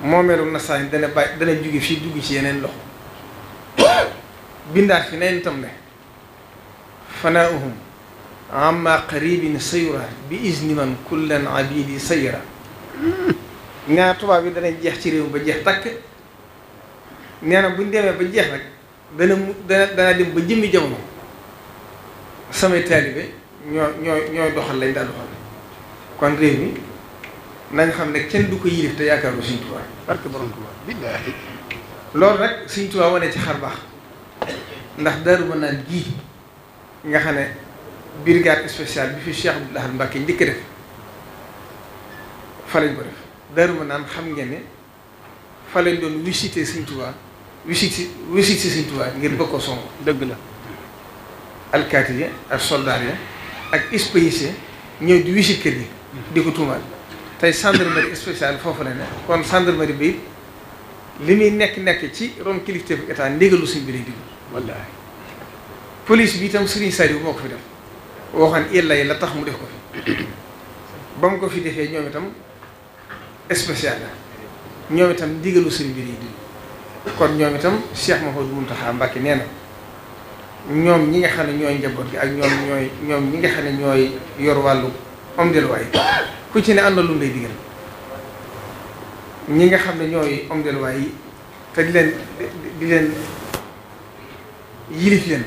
moomeelu nasaara dana bàyyi dana jóge fi dugg ci yeneen loxo بندار في نين تمنى فناؤهم عما قريب سيرة بإذن من كل عبيد سيرة نيا نعم، توبا نعم، بي دانا جيخ سي ريو با جيخ تاك نيا نا بو ديمي با جيخ رك دانا دانا ديم با جيمي جامو سامي طالبي ño ño ño doxal lañ dal doxal kon reew mi nañ xam ne kenn du ko yilif te yaakaaru suñ tuwaa barke borom tuwaa billahi loolu rek suñ tuwaa wane ci xar ndax Daaru Manaan gii nga xam ne brigade spéciale bi fi Cheikh Abdoul Ahad Mbacké njëkk def fa ko def Daaru Manaan xam ngeen ne fa lañ doon visité Sëñ Tuubaa visité visité ngir bëgg ko song dëgg la alkaati ya ak soldaar ya ak espagnol ñëw di visite kër gi di ko tuumaal tey gendarmerie spéciale foofu la ne kon gendarmerie bi li muy nekk-nekk ci ron kilifté bu état ndigalu suñ bi lay digg wallaahi police bi itam Serigne Saliou moo ko fi def waxoon illa yi la tax mu def ko fi ba mu ko fi defee ñoom itam spécial la ñoom itam ndigalu Serigne bi lay digg kon ñoom itam Cheikh Mouhamadou Mountakha Mbacké nee na ñoom ñi nga xam ne ñooy njaboot gi ak ñoom ñooy ñoom ñi nga xam ne ñooy yor wàllu am delluwaay ku ci ne am na lu mu lay digal ñi nga xam ne ñooy homme de loi te di leen di leen yilif leen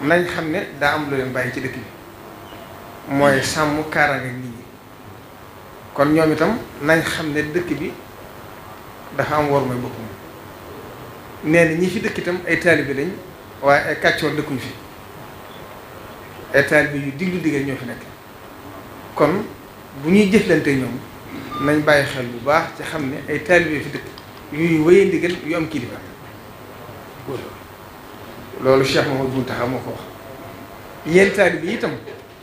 nañ xam ne daa am lu leen bàyyi ci dëkk bi mooy sàmm kaaraange nit ñi kon ñoom itam nañ xam ne dëkk bi dafa am war mooy boppam nee na ñi fi dëkk itam ay taalibe lañ waaye ay kàccoor dëkkuñ fi ay taalibe yu diglu digal ñoo fi nekk kon bu ñuy jëflante ñoom nañ bàyyi xel bu baax ci xam ne ay taalibe fi dëkk yuy wéy ndigal yu am kilifa loolu Cheikh Mouhamadou Mountakha moo ko wax yéen taalibe yi itam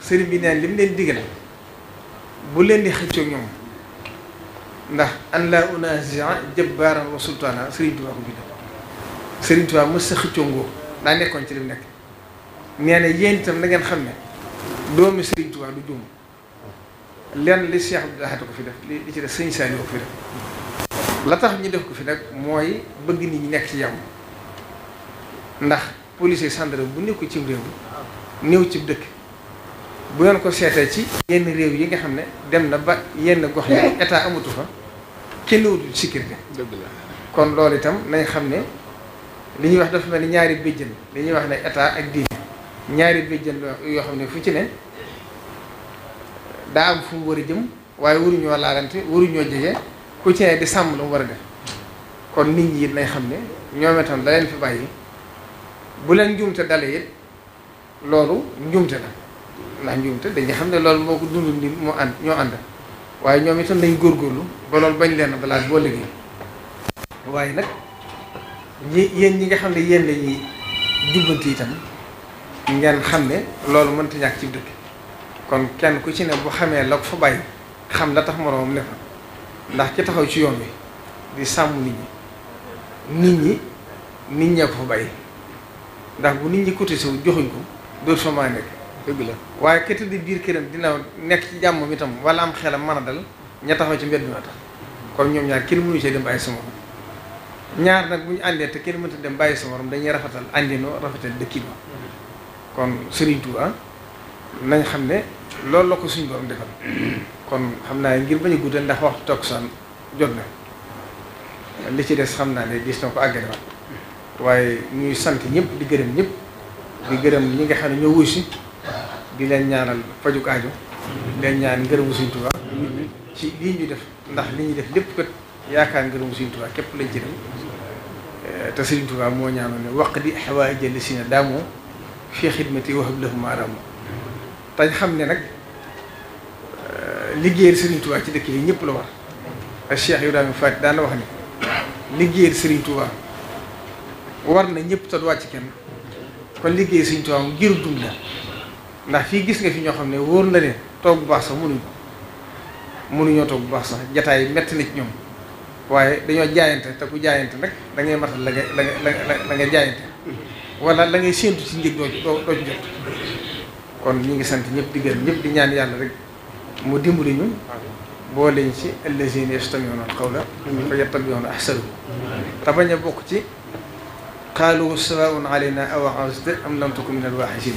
sëriñ bi neen li mu leen digal bu leen di xëccoo ñoom ndax an la unazia jabbaaran wa sultaana sëriñ Tuubaa ko bind sëriñ Tuubaa mës sa xëccoo ngoo daa nekkoon ci li mu nekk nee na yéen itam na ngeen xam ne doomi sëriñ Tuubaa du juum lenn li Cheikh Abdou ko fi def li ci def sëñ Saliou ko fi def la tax ñu def ko fi nag mooy bëgg nit ñi nekk ci yàmm ndax policier gendarme bu nekk ko ci réew néew ci dëkk bu ngeen ko seetee ci yenn réew yi nga xam ne dem na ba yenn gox yi état amatu fa kenn wutul sécurité kon loolu itam nañ xam ne li ñuy wax dafa mel ni ñaari béjjën li ñuy wax ne état ak diine ñaari béjjën yoo xam ne fu ci ne daa am fu mu war a jëm waaye waruñoo laalante waruñoo jege ku ci ne di sàmm lu mu war a def kon nit ñi it xam ne ñoom itam da leen fi bàyyi bu leen njuumte dalee it loolu njuumte la ndax njuumte dañuy xam ne loolu moo ko ñoo ànd waaye ñoom itam nañ góorgóorlu ba loolu bañ leen balaa boo liggéey waaye nag ñi yéen ñi nga xam ne yéen la ñuy jubbanti itam ngeen xam ne loolu mënta ñàkk ci dëkk kon kenn ku ci ne bu xamee la ko fa bàyyi xam la tax moroomam ne fa ndax ki taxaw ci yoon wi di sàmm nit ñi nit ñi nit ñee ko fa bàyyi ndax bu nit ñi côté si joxuñ ko dootu fa maa nekk dëgg la waaye kete di biir këram dina nekk ci jàmm itam tam wala am xelam man a dal ña taxaw ci mbedd mi tax kon ñoom ñaar kenn mënu cee dem bàyyi sa morom ñaar nag bu ñu àndee te kenn mënta dem bàyyi sa morom dañuy rafetal àndinoo rafetal dëkkinoo kon Serigne Touba nañ xam ne loolu la ko suñ borom defal kon xam naa ngir bañ a guddal ndax wax toog saan jot na li ci des xam naa ne gis na ko àggale waat waaye ñuy sant ñëpp di gërëm ñëpp di gërëm ñi nga xam ne ñoo wuy si di leen ñaanal fajuk aajo leen ñaan ngërëmu suñ Tuubaa ci lii ñu def ndax li ñu def lépp kat yaakaar ngërëmu suñ Tuubaa képp lañ ci dem te suñ Tuubaa moo ñaanoon ne waq di xawaay jëli si ne daamoo fii xidmati wahab lahum aaraamo tañ xam ne nag euh, liggéeyal Serigne Touba ci dëkk bi ñëpp la war ak Cheikh Ibrahima Faty daan wax ni liggéeyal Serigne Touba war na ñëpp te du wàcc kenn kon liggéey Serigne Touba mu ngir ndax fii gis nga fi ñoo xam ne wóor na leen toog bu baax sax mënuñu ko mënuñoo baax sax jataay metti na ci ñoom waaye dañoo jaayante te ku jaayante nag da ngay matal la nga la nga la nga jaayante wala la ngay séentu ci njëg doo doo ci jot kon ñi ngi sant ñëpp di gërëm ñëpp di ñaan yàlla rek mu dimbali ñu boo leen ci allazina yastami'una al-qawla fa yattabi'una ahsanahu te bañ a bokk ci qaalu sawaa'un alaynaa a wa'azta am lam takun min al-waa'iziin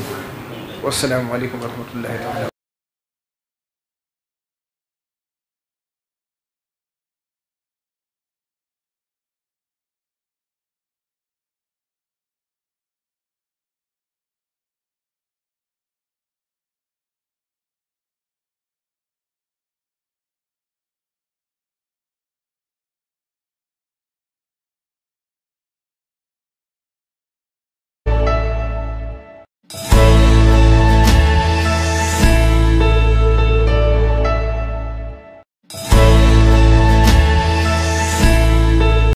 wassalaamu aleykum wa rahmatullahi taala